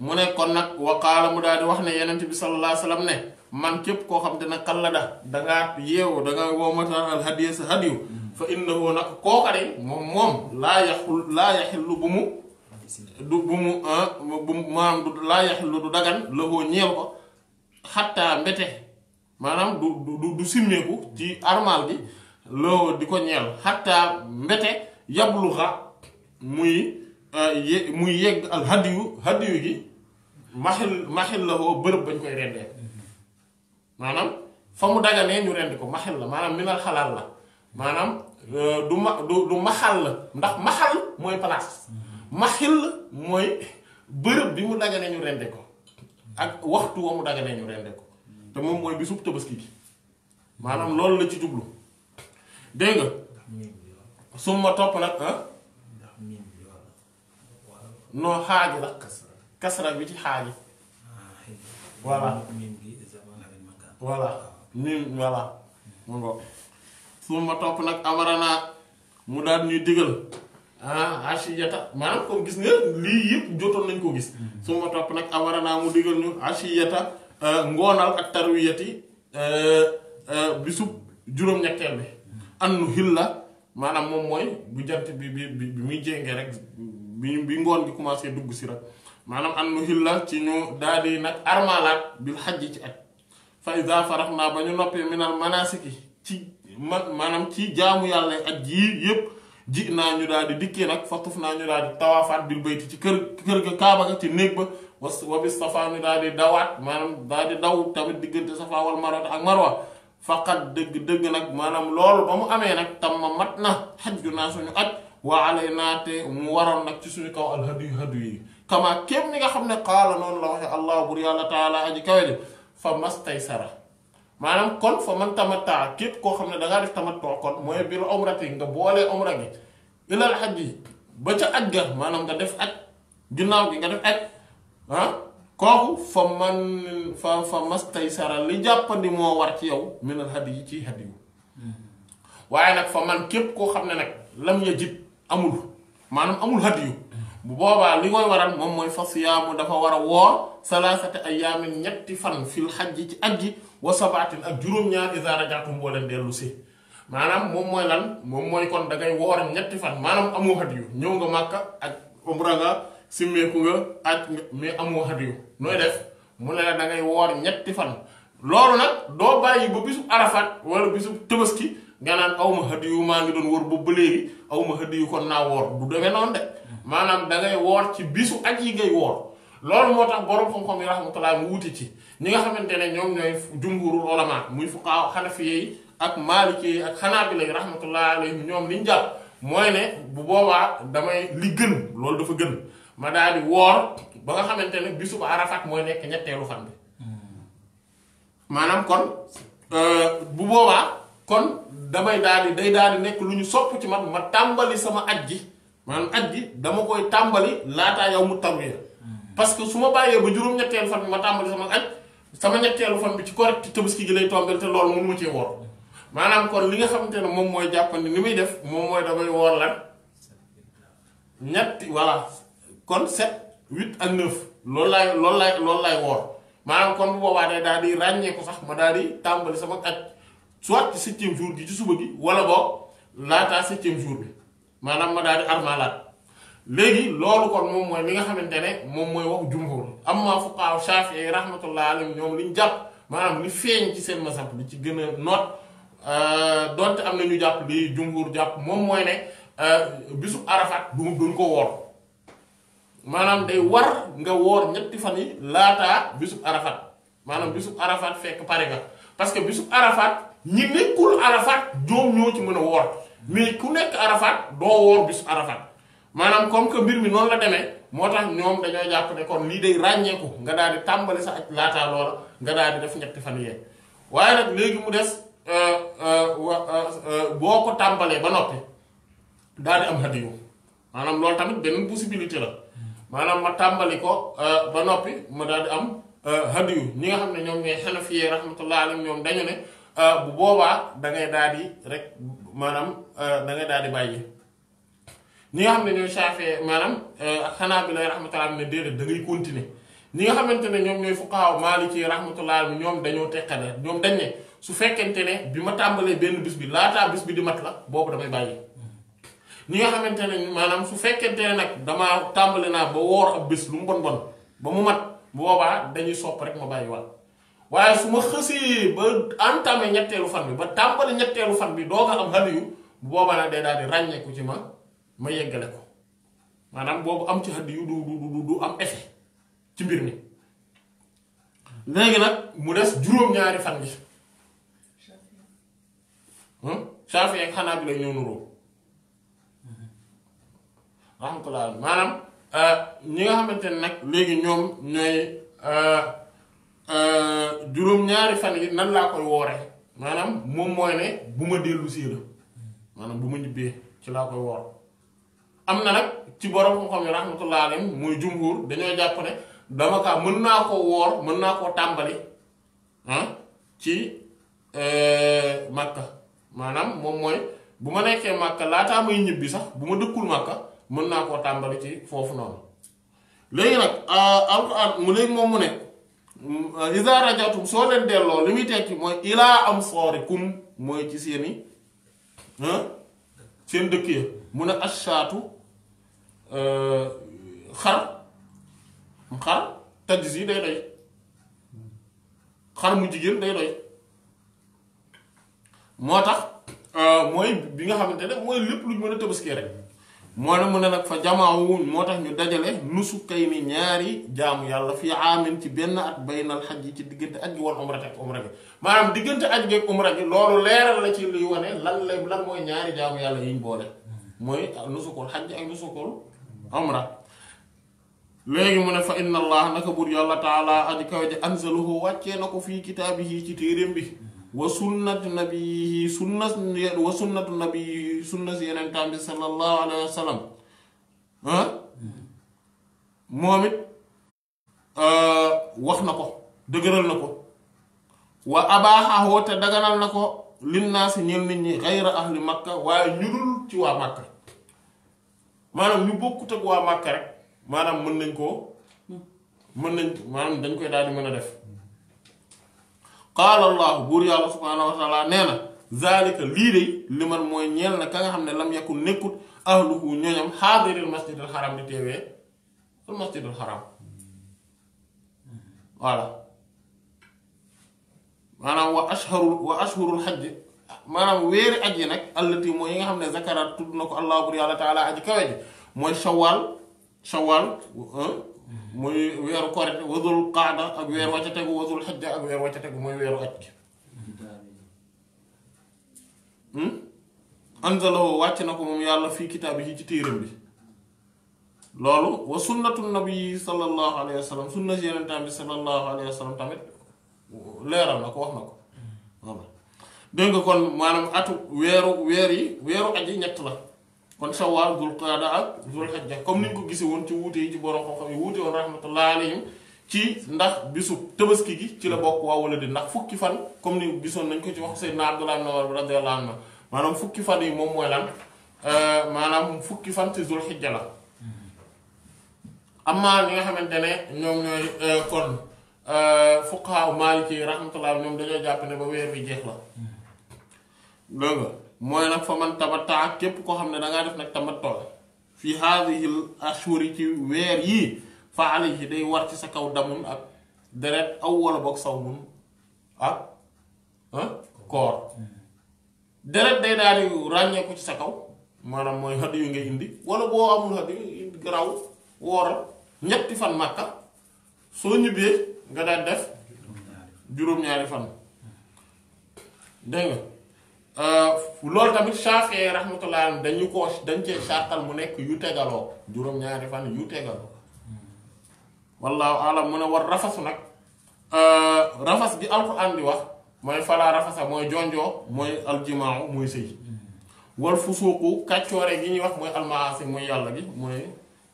mu ne kon nag waqaala mu daal wax ne yenent bi sallallaahu alayhi ne man képp koo xam te ne xalla da dangaa yeewu dangaa woomataan al hadiya fa innahu nag kooka de mom mom la yahul la yaxillu bumu du ah, du la yaxillu du dagan ho ñeel ko hatta mbete manam du du du ci armal bi le di ko ñeel mbete yablugha muy ah, muy yegg al hadiyu hadiyu gi mahil le ho beurep bañ koy rendee manam famu mu ñu rend ko mahil la maanaam minal halal la manam Euh, du ma du du la ndax mahal moy place mahil moy bërëb bi mu dagane ñu rendé ko ak waxtu wo mu dagane ñu rendé ko te mom moy bisub tebeski gi manam loolu la ci djublu dégg nga top nak ha ah? no haaji la kasra bi ci haaji voilà voilà min voilà mu ngo summa topp nag amarana mu daal ñuy digal ah ashiyata maanaam comme gis nga lii yëpp jotoon nañ ko gis mm-hmm. summa topp nag amarana mu digal ñu ashiyata euh, ngoonal ak tarwiyati euh, euh, bisub juróom-ñetteel bi mm-hmm. annu hilla maanaam moom mooy bu jant bi bi bi muy jéngee rek bi bi ngoon bi commencé dugg si rek maanaam annu hilla ci ñu daal nag armalaat bil xajji ci at fa iza farax naa ba ñu noppee minal manasiki ci ma maanaam ci jaamu yàlla ak ji yépp ji naa ñu daal di dikkee nag fatuf naa ñu daal di tawaafaat bil ci kër kër ga kaaba ga ci néeg ba was wabi safa ñu daal di dawaat maanaam daal di daw tamit diggante safa wal marwa ak marwa faqat dëgg dëgg nag maanaam loolu ba mu amee nag tam ma mat na xajju naa suñu aj waa alay naate mu waroon nag ci suñu kaw alhadu hadu yi kama képp ni nga xam ne qaala noonu la waxe allah bur yàlla taala aji kawe maanaam kon fa man tamataa képp koo xam ne da ngaa def tamatoo kon mooy biir omrati nga boolee omra gi ilal xaj yi ba ca aj ga maanaam nga def aj ginnaaw gi nga def aj ah, kooku fa man fa fa mastay sara li jàppandi moo war ci yow minal xaj yi ciy xaj yu mm-hmm. waaye nag fa man képp koo xam ne nag lam ya jib amul maanaam amul xaj yu bu boobaa li koy waral moom mooy fas yaamu dafa war a woor ay ayaamin ñetti fan fil xajji ci aj ji wasobaatin ak juróom-ñaar iza rajaatum boo leen dellu si maanaam moom mooy lan moom mooy kon da woor ñetti fan maanaam amoo hadiyu ñëw nga màkka ak umra nga simmeeku nga aj mais amoo mu ne la da ngay woor ñetti fan loolu nag doo bàyyi ba bisu arafat wala bisu tëbaski nga naan aw ma hadiyu maa ngi doon wër bu ba léegi aw ma hadiyu kon naa woor du demee noonu de maanaam da ngay woor ci bisu aj yi ngay woor loolu moo tax borom xam-xam yi rahmatullah mu wuti ci ñi nga xamante ne ñoom ñooy jumhurul ulama muy fuqahaa xanafiye yi ak maaliki yi ak xanaabila yi rahmatullah alayhim ñoom liñ jàpp mooy ne bu boobaa damay li gën loolu dafa gën ma daal di woor ba nga xamante ne bisu arafat mooy nekk ñetteelu fan bi maanaam kon euh, bu boobaa kon damay daal di day daal nekk lu ñu sopp ci man ma tàmbali sama aj gi maanaam aj gi dama koy tàmbali laataa yow mu tarwiya parce que su ma bàyyee ba juróom-ñetteelu fan bi ma tàmbali sama aj sama ñetteelu fan bi ci correct tabaski gi lay tombel te lool mënu mu cee woor maanaam kon li nga xamante ne moom mooy jàppandi ni muy def moom mooy damay woor lan ñetti voilà kon sept huit ak neuf loolu laay loolu laay loolu laay woor maanaam kon bu boobaa day daal di ràññeeku ko sax ma daal di tàmbali sama aj soit ci septième jour gi ci suba gi wala boog laataa septième jour bi manam ma daal armalat legi léegi kon mom moy mi nga xamantene mom moy wax jumhur amma fuqaaw shafi'i rahmatullah alayhi ñom liñ japp manam li feñ ci seen masab li ci gëna note euh don't am nañu japp li jumhur japp mom moy ne euh, bisu arafat du duñ ko wor manam day war nga wor ñetti fani lata bisu arafat manam bisu arafat fekk pare nga parce que bisu arafat ñi nekkul arafat joom ñoo ci mëna wor mais ku nekk Arafat doo woor bis Arafat maanaam comme que mbir mi noonu la demee moo tax ñoom dañoo jàpp ne kon lii de ràññeeku nga daal di tàmbali sa aj laataa nga daal di def ñetti fan yee waaye nag léegi mu des euh, euh, euh, boo ko tàmbalee ba noppi daal di am hadiyu maanaam loolu tamit benn possibilité la maanaam ma tàmbali ko ba noppi ma daal di am hadiyu ñi nga xam ne ñoom ñooy xanafiye rahmatullah alayhim ñoom dañu ne bu boobaa da ngay rek. maanaam euh, da nga daal di bàyyi ñi nga xam ne ñooy saafee maanaam euh, ak xanaa bi lay rahmatullah ne déedéet da ngay continuer ñi nga xamante ne ñoom ñooy fuqaaw maaliki rahmatullah bi ñoom dañoo teqale ñoom dañ ne su fekkente ne bi ma tàmbalee benn bis bi laataa bis bi di mat la boobu damay bàyyi. ñi nga xamante ne maanaam su fekkente ne nag dama tàmbali naa ba woor ab bis lu mu bon bon ba mu mat boobaa dañuy sopp rek ma bàyyi wàll. waaye su ma xësee ba entamé ñetteelu fan bi ba tàmbali ñetteelu fan bi doo nga am xale yu bu boobaa nag day daal ràññeeku ci ma ma yeggale ko maanaam boobu am ci xaddi yu du du du am effet ci mbir mi léegi nag mu des juróom-ñaari fan bi hmm? Shaafi xanaa bi la ñëw nuroo rahmatullah maanaam euh, ñi nga xamante ne nag léegi ñoom ñooy euh, Euh, juróom-ñaari fan yi nan laa koy woore maanaam moom mooy ne bu ma dellu si la maanaam bu ma ñibbee ci laa koy woor am na nag ci borom xam-xam yi rahmatullah alayhim muy jumhur dañoo jàpp ne dama kaa mën naa koo woor mën naa koo tàmbali ah ci euh, màkka maanaam moom mooy bu ma nekkee màkka laataa may ñibbi bu ma dëkkul màkka mën naa koo tàmbali ci foofu noonu léegi nag euh, alquran mu léegi moom mu ne Euh, iza rajatum soo leen delloo li muy tekki mooy ilaa am soori kum mooy ci seeni seen dëkk mun mu ne ashaatu euh, xar xar tajis day doy xar mu jigéen day doy moo tax euh, mooy bi nga xamante ne mooy lépp lu mën a tabaskee rek moo ne mu ne nag fa jamaawuñ moo tax ñu dajale nusu kay ni ñaari jaamu yàlla fii aamin ci benn at baynal xaj yi ci diggante aj gi wal umra ak umra bi maanaam diggante aj gi ak umra gi loolu leeral la ci luy wane lan lay mooy ñaari jaamu yàlla yiñ boole mooy nusukul xaj ak nusukul umra léegi mu ne fa inna allah naka buur yàlla taalaa aj kawe ji anzaluhu wàccee na ko fii kitaabihi ci téeréem bi wa sunnatu nabiyihi sunna wa sunnatu nabiyihi sunna si yeneen bi sallallahu alayhi wa sallam moom it uh, wax na ko dëgëral na ko wa abaaxahu te daganal na ko linnaasi ñeel nit ñi xayra ahli makka waaye ñu dul ci waa makka maanaam ñu bokkut waa makka rek maanaam mën nañ koo mën nañ maanaam dañ koy daal di mën a def qaala allahu buur yàlla subhaanahu wa taala nee na zaalika lii dey liman mooy ñeel na ka nga xam ne lam yakun nekkut ahluhu ñoñam xaadiril masjidil xaram di teewee al masjidil xaram voilà maanaam wa ashharul wa ashhurul xaj maanaam weeri aj yi nag allati mooy yi nga xam ne zakaraat tudd na ko allah buur yàlla taala aji kawe ji mooy shawaal shawaal muy weeru korite wadul qaada ak weer wacca tegu wadul xijja ak weer wacca tegu muy weeru aj hmm? anzalawo wàcc na ko moom yàlla fii kitaab yi ci téeram bi loolu wa sunnatu nabi sallallahu alayhi wa sallam sunna si yonentaam bi sallallahu alayhi tamit leeral na ko wax na ko dégg nga kon maanaam atu weeru weer yi weeru aj yi ñett la kon sawaal dul qaada ak dul xajja comme niñ ko gisee woon ci wuute yi ci borom xam-xam yi wuute woon rahmatullahi alayhim ci ndax bisu tabaski gi ci la bokk waa wala di ndax fukki fan comme ni gisoon nañ ko ci wax Seydina Abdullah ibn Umar radiyallahu maanaam fukki fan yi moom mooy lan euh, maanaam fukki fan ci dul xijja la amaa ñi nga xamante ne ñoom ñooy euh, kon euh, fuqahaa Maaliki rahmatullahi ñoom dañoo jàpp ne ba weer bi jeex la mooy nag fa man tamattaa képp koo xam ne dangaa def nag tamattoo fi haadihi l ashhuri ci weer yii fa alayhi day war ci sa kaw damun ak deret aw wala boog sawmun ak ah, koor deret day daal di ràññeeku ci sa kaw maanaam mooy xad yu ngay indi wala boo amul xad yu indi garaw wooral ñetti fan màkka soo ñibbee nga daal def juróom-ñaari fan dégg Euh, loolu tamit Shaafi'i rahmatullah dañu ko dañ cee sàrtal mu nekk yu tegaloo juróom-ñaari fan yu tegaloo wallaahu alam mun a war rafasu nag euh, rafas bi alquran di wax mooy falaa rafasa mooy jonjoo mooy aljimaaw mooy sëy wal fusuuqu kàccoore gi ñuy wax mooy almaasi mooy yàlla gi mooy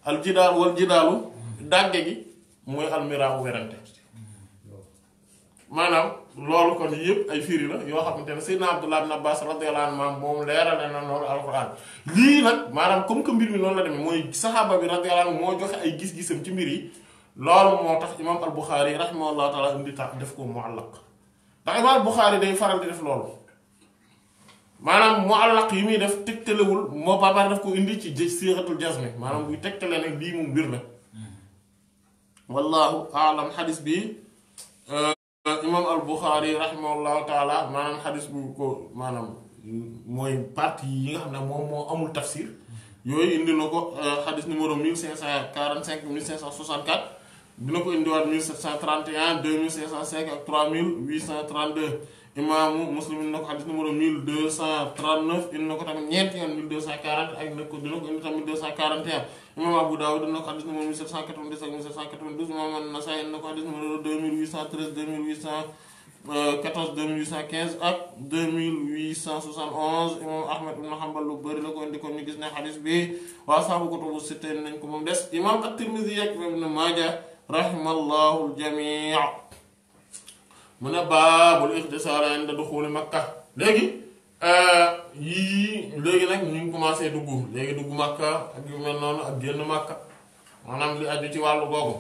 aljidaal wal jidaalu dàgge gi mooy almiraaw werante maanaam loolu kon yeb ay firi la yo xamante ne Seydina Abdullah ibn Abbas radiyallahu anhu mom moom leerale na non alquran li nak manam comme que mbir mi non la dem moy sahaba bi radiyallahu anhu moo joxe ay gis-gisam ci mbiri lolu motax imam al-Bukhari rahimahullahu taala indi tax def ko muallaq da imam al-Bukhari day faral di def lolu manam muallaq yimi def tegtalewul mo baabar daf ko indi ci siixatul jazmi manam bu tektele nak bi moom mbir la wallahu alam hadith bi imam al buxaari rahimahullahu taala maanaam xadis bu ko maanaam mooy parti yi nga xam ne moom moo amul tafsir yooyu indi na ko euh, xadis numéro 1545 1564 dina ko indiwaat 1731 2505 ak 3832 imam muslim in hadith numero 1239 in na ko tamit 1240 ak nëkk dina ko indi 241 Imam abu daawud in na ko xadis 1792 imaam an-nasa'i in na ko 2813 2814 2815 ak 2871 imaam ahmad ibn hanbal lu bëri la indi kon ñu gis ne xadis bi waa saabu kutubu sitta nañ ko moom des Imam at-tirmidhi ak ibn maaja rahimallahu al-jamii mu ne baabul ixtisaar du duxuuli makka léegi euh, yii léegi nag ñu ngi commencé dugg léegi dugg makka ak yu mel noonu ak génn makka maanaam li aju ci wàllu boobu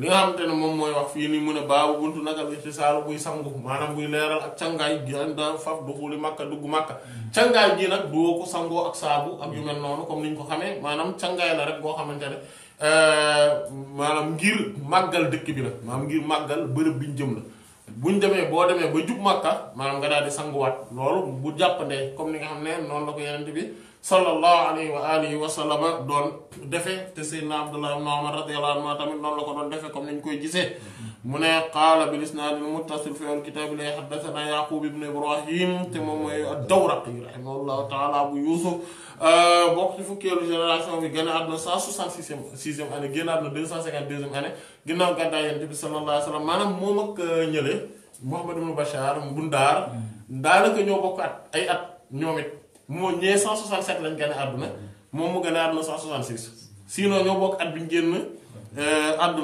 li nga xamante ne moom mooy fii nii mu ne baabu buntu nagal ixtisaaru buy sangu maanaam buy leeral ak cangaay gi da faf duxuuli makka dugg makka cangaay gi nag doo ko sangoo ak saabu ak yu mel noonu comme ni ñu ko xamee maanaam cangaay la rek boo xamante ne euh, maanaam ngir màggal dëkk bi la maanaam ngir màggal bërëb bi ñu jëm la. bu ñu demee boo demee ba jub màkka maanaam nga daal di sanguwaat loolu bu jàpp jàppandee comme ni nga xam ne noon la ko yenente bi sallallahu alayhi wa alihi wa sallama doon defee te seydna abdullah ibn umar radiyallahu anhu tamit noonu la ko doon defee comme ni ñu koy gisee mu ne qaala bil isnaad al muttasil fi al kitaab li haddathana yaqub ibn ibrahim te moom mooy ad-dawraqi rahimahullahu taala bu yuusuf bokk ci fukkeelu génération bi gën a àdduna cent soixante sixième sixième année génn àdduna deux cent cinquante deuxième année ginnaw gadda yonent bi sallallahu alayhi wasallam manam maanaam moom ak euh, ñële Muhammad ibn Bachar Bundaar hmm. ñoo bokk at ay at ñoom mo ñe 167 lañu gëna a àdduna mu gën a 166 sinon ñoo bokk at euh,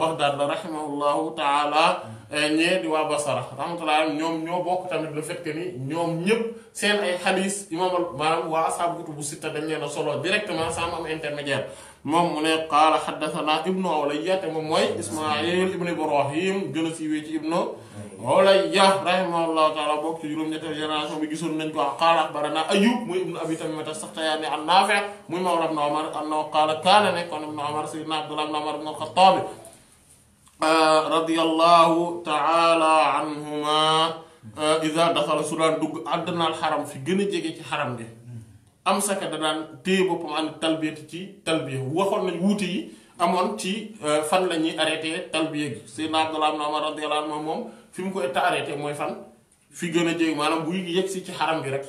Baghdad la rahimahullahu taala euh, di Basara rahmatullah ñoom ñoo bokk tamit le fait que ni ñoom seen ay xadiis imaamal maanaam waa asaabu kutubu sitta dañ solo directement moom mu ne qaala xaddasanaa ibnu Ulayya te moom mooy Ismaayil ibnu Ibrahim gën a siiwee ci ibnu Ulayya rahimahullahu taala bokk ci juróom-ñetteel génération bi gisoon nañ ko qaala axbaranaa Ayyub muy ibnu Abi Tamiima as-Saxtiyaani an Naafi' muy mawlaa ibnu Umar annahu qaala kaana nekkoon ibnu Umar sayyidinaa Abdullah ibnu Umar ibnu al-Xattaab uh, radiyallahu taala anhumaa uh, idaa daxala su daan dugg àddina al xaram fi gën a jege ci xaram gi. am saka da daan téye boppam ànd talbiyati ci talbiya waxoon nañ wuti yi amoon ci euh, fan lañuy la ñuy arrêté talbiya gi Seydina Abdullah ibn Umar radiyallahu anhu moom fi mu ko etta arrêté mooy fan fi gën a jéeg maanaam buy yegg si ci xaram bi rek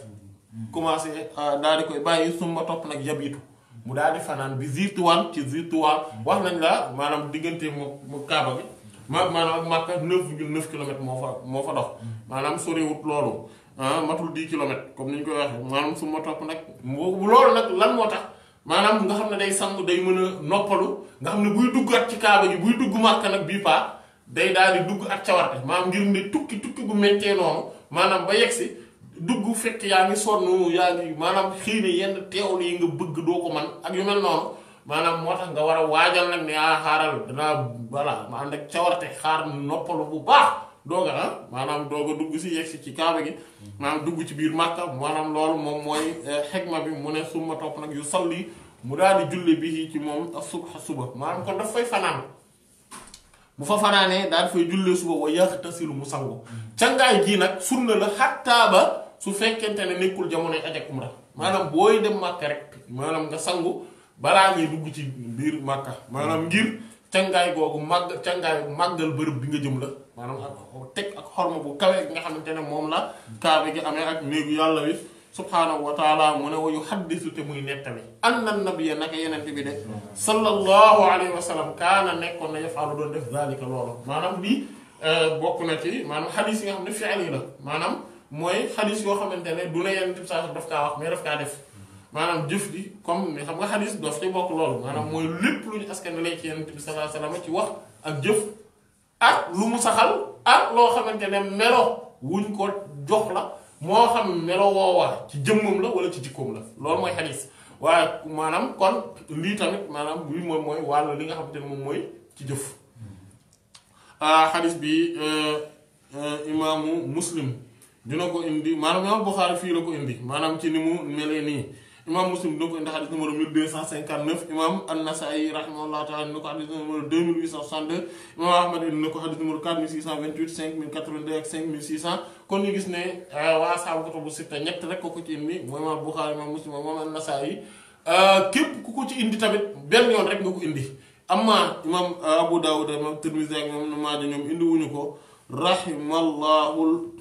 commencé euh, daal di koy bàyyi summa topp nag yabitu mu daal di fanaan bi zituwaan ci zituwaan wax nañ la maanaam diggante mu mu kaaba bi ma maanaam Makka neuf virgule neuf kilomètres moo fa moo fa dox maanaam soriwut loolu Ah, matul 10 kilomètres comme ni ñu koy waxee maanaam su ma topp nag bu loolu nag lan moo tax maanaam nga xam ne day sangu day mën a noppalu nga xam ne buy dugg at ci kaaba ji buy dugg màkk nag bii paa day daal di dugg ak cawarte maanaam ngir tukki tukki bu méttee maanaam ba yegg si dugg fekk yaa ngi sonn yaa maanaam xëy yenn teewlu yi nga bëgg doo ko man ak yu mel noonu maanaam moo tax nga war a waajal nag ne ah xaaral danaa voilà ma ànd ak cawarte xaar noppalu bu baax. doog a ah maanaam doog dugg si yegg si ci kaaba gi maanaam dugg ci biir màkka maanaam loolu moom mooy xegma eh, bi mu ne summa topp nag yu salli mu daal di julli bi ci moom ak suba suba maanaam kon daf fay fanaan bu fa fanaanee daal fay jullee suba wa yaxtasilu mu sangu cangaay jii nag sunna la xattaa ba su fekkente ne nekkul jamonoy aj ak umra maanaam booy dem màkka rek maanaam nga sangu balaa ngay dugg ci biir màkka maanaam ngir cangaay googu màgg cangaay màggal bërëb bi nga jëm la maanaam ak teg ak xor ma bu kawee gi nga xamante ne moom la kaaba gi amee ak néegu yàlla wi subhaanahu wa taala mu ne wa yu xaddisu te muy nettali anna nabiya naka yeneen bi de sallallahu alayhi wa sallam kaana nekkoon na yafaalu doon def zalika loolu maanaam lii euh, bokk na ci maanaam xadis yi nga xam ne fi'li la maanaam mooy xadis yoo xamante ne du la yeneen tib saa daf kaa wax mais daf def maanaam jëf ji comme ni xam nga xalis daf ci bokk loolu maanaam mooy lépp lu ñu askanale ci yonent bi sallallahu alayhi ci wax ak jëf ak lu mu saxal ak loo xamante ne melo wuñ ko jox la moo xam melo woowaa ci jëmmam la wala ci jikkoom la loolu mooy xadis waaye maanaam kon lii tamit maanaam lii moom mooy wàll li nga xamante ne moom mooy ci jëf ah, xadis bi euh, euh, imaamu muslim dina ko indi maanaam imam Buxaari fii la ko indi maanaam ci ni mu melee imaam muslim dina ko indi xadis numéro 1259 imaam an-Nasaa'i rahimahullahu taala dina ko xadis numéro 2862 imaam ahmad dina ko xadis numéro 4628 5082 ak 5600 kon ñu gis ne euh, waa saabu kutubu sitta ñett rek ko ko ci indi mooy imaam Buxaari imaam muslim moom an-Nasaa'i euh, képp ku ko ci indi tamit benn yoon rek nga ko indi amma imaam euh, Abu Daawud imaam Tirmisi ak imaam Maaja ñoom indi ko rahimallahu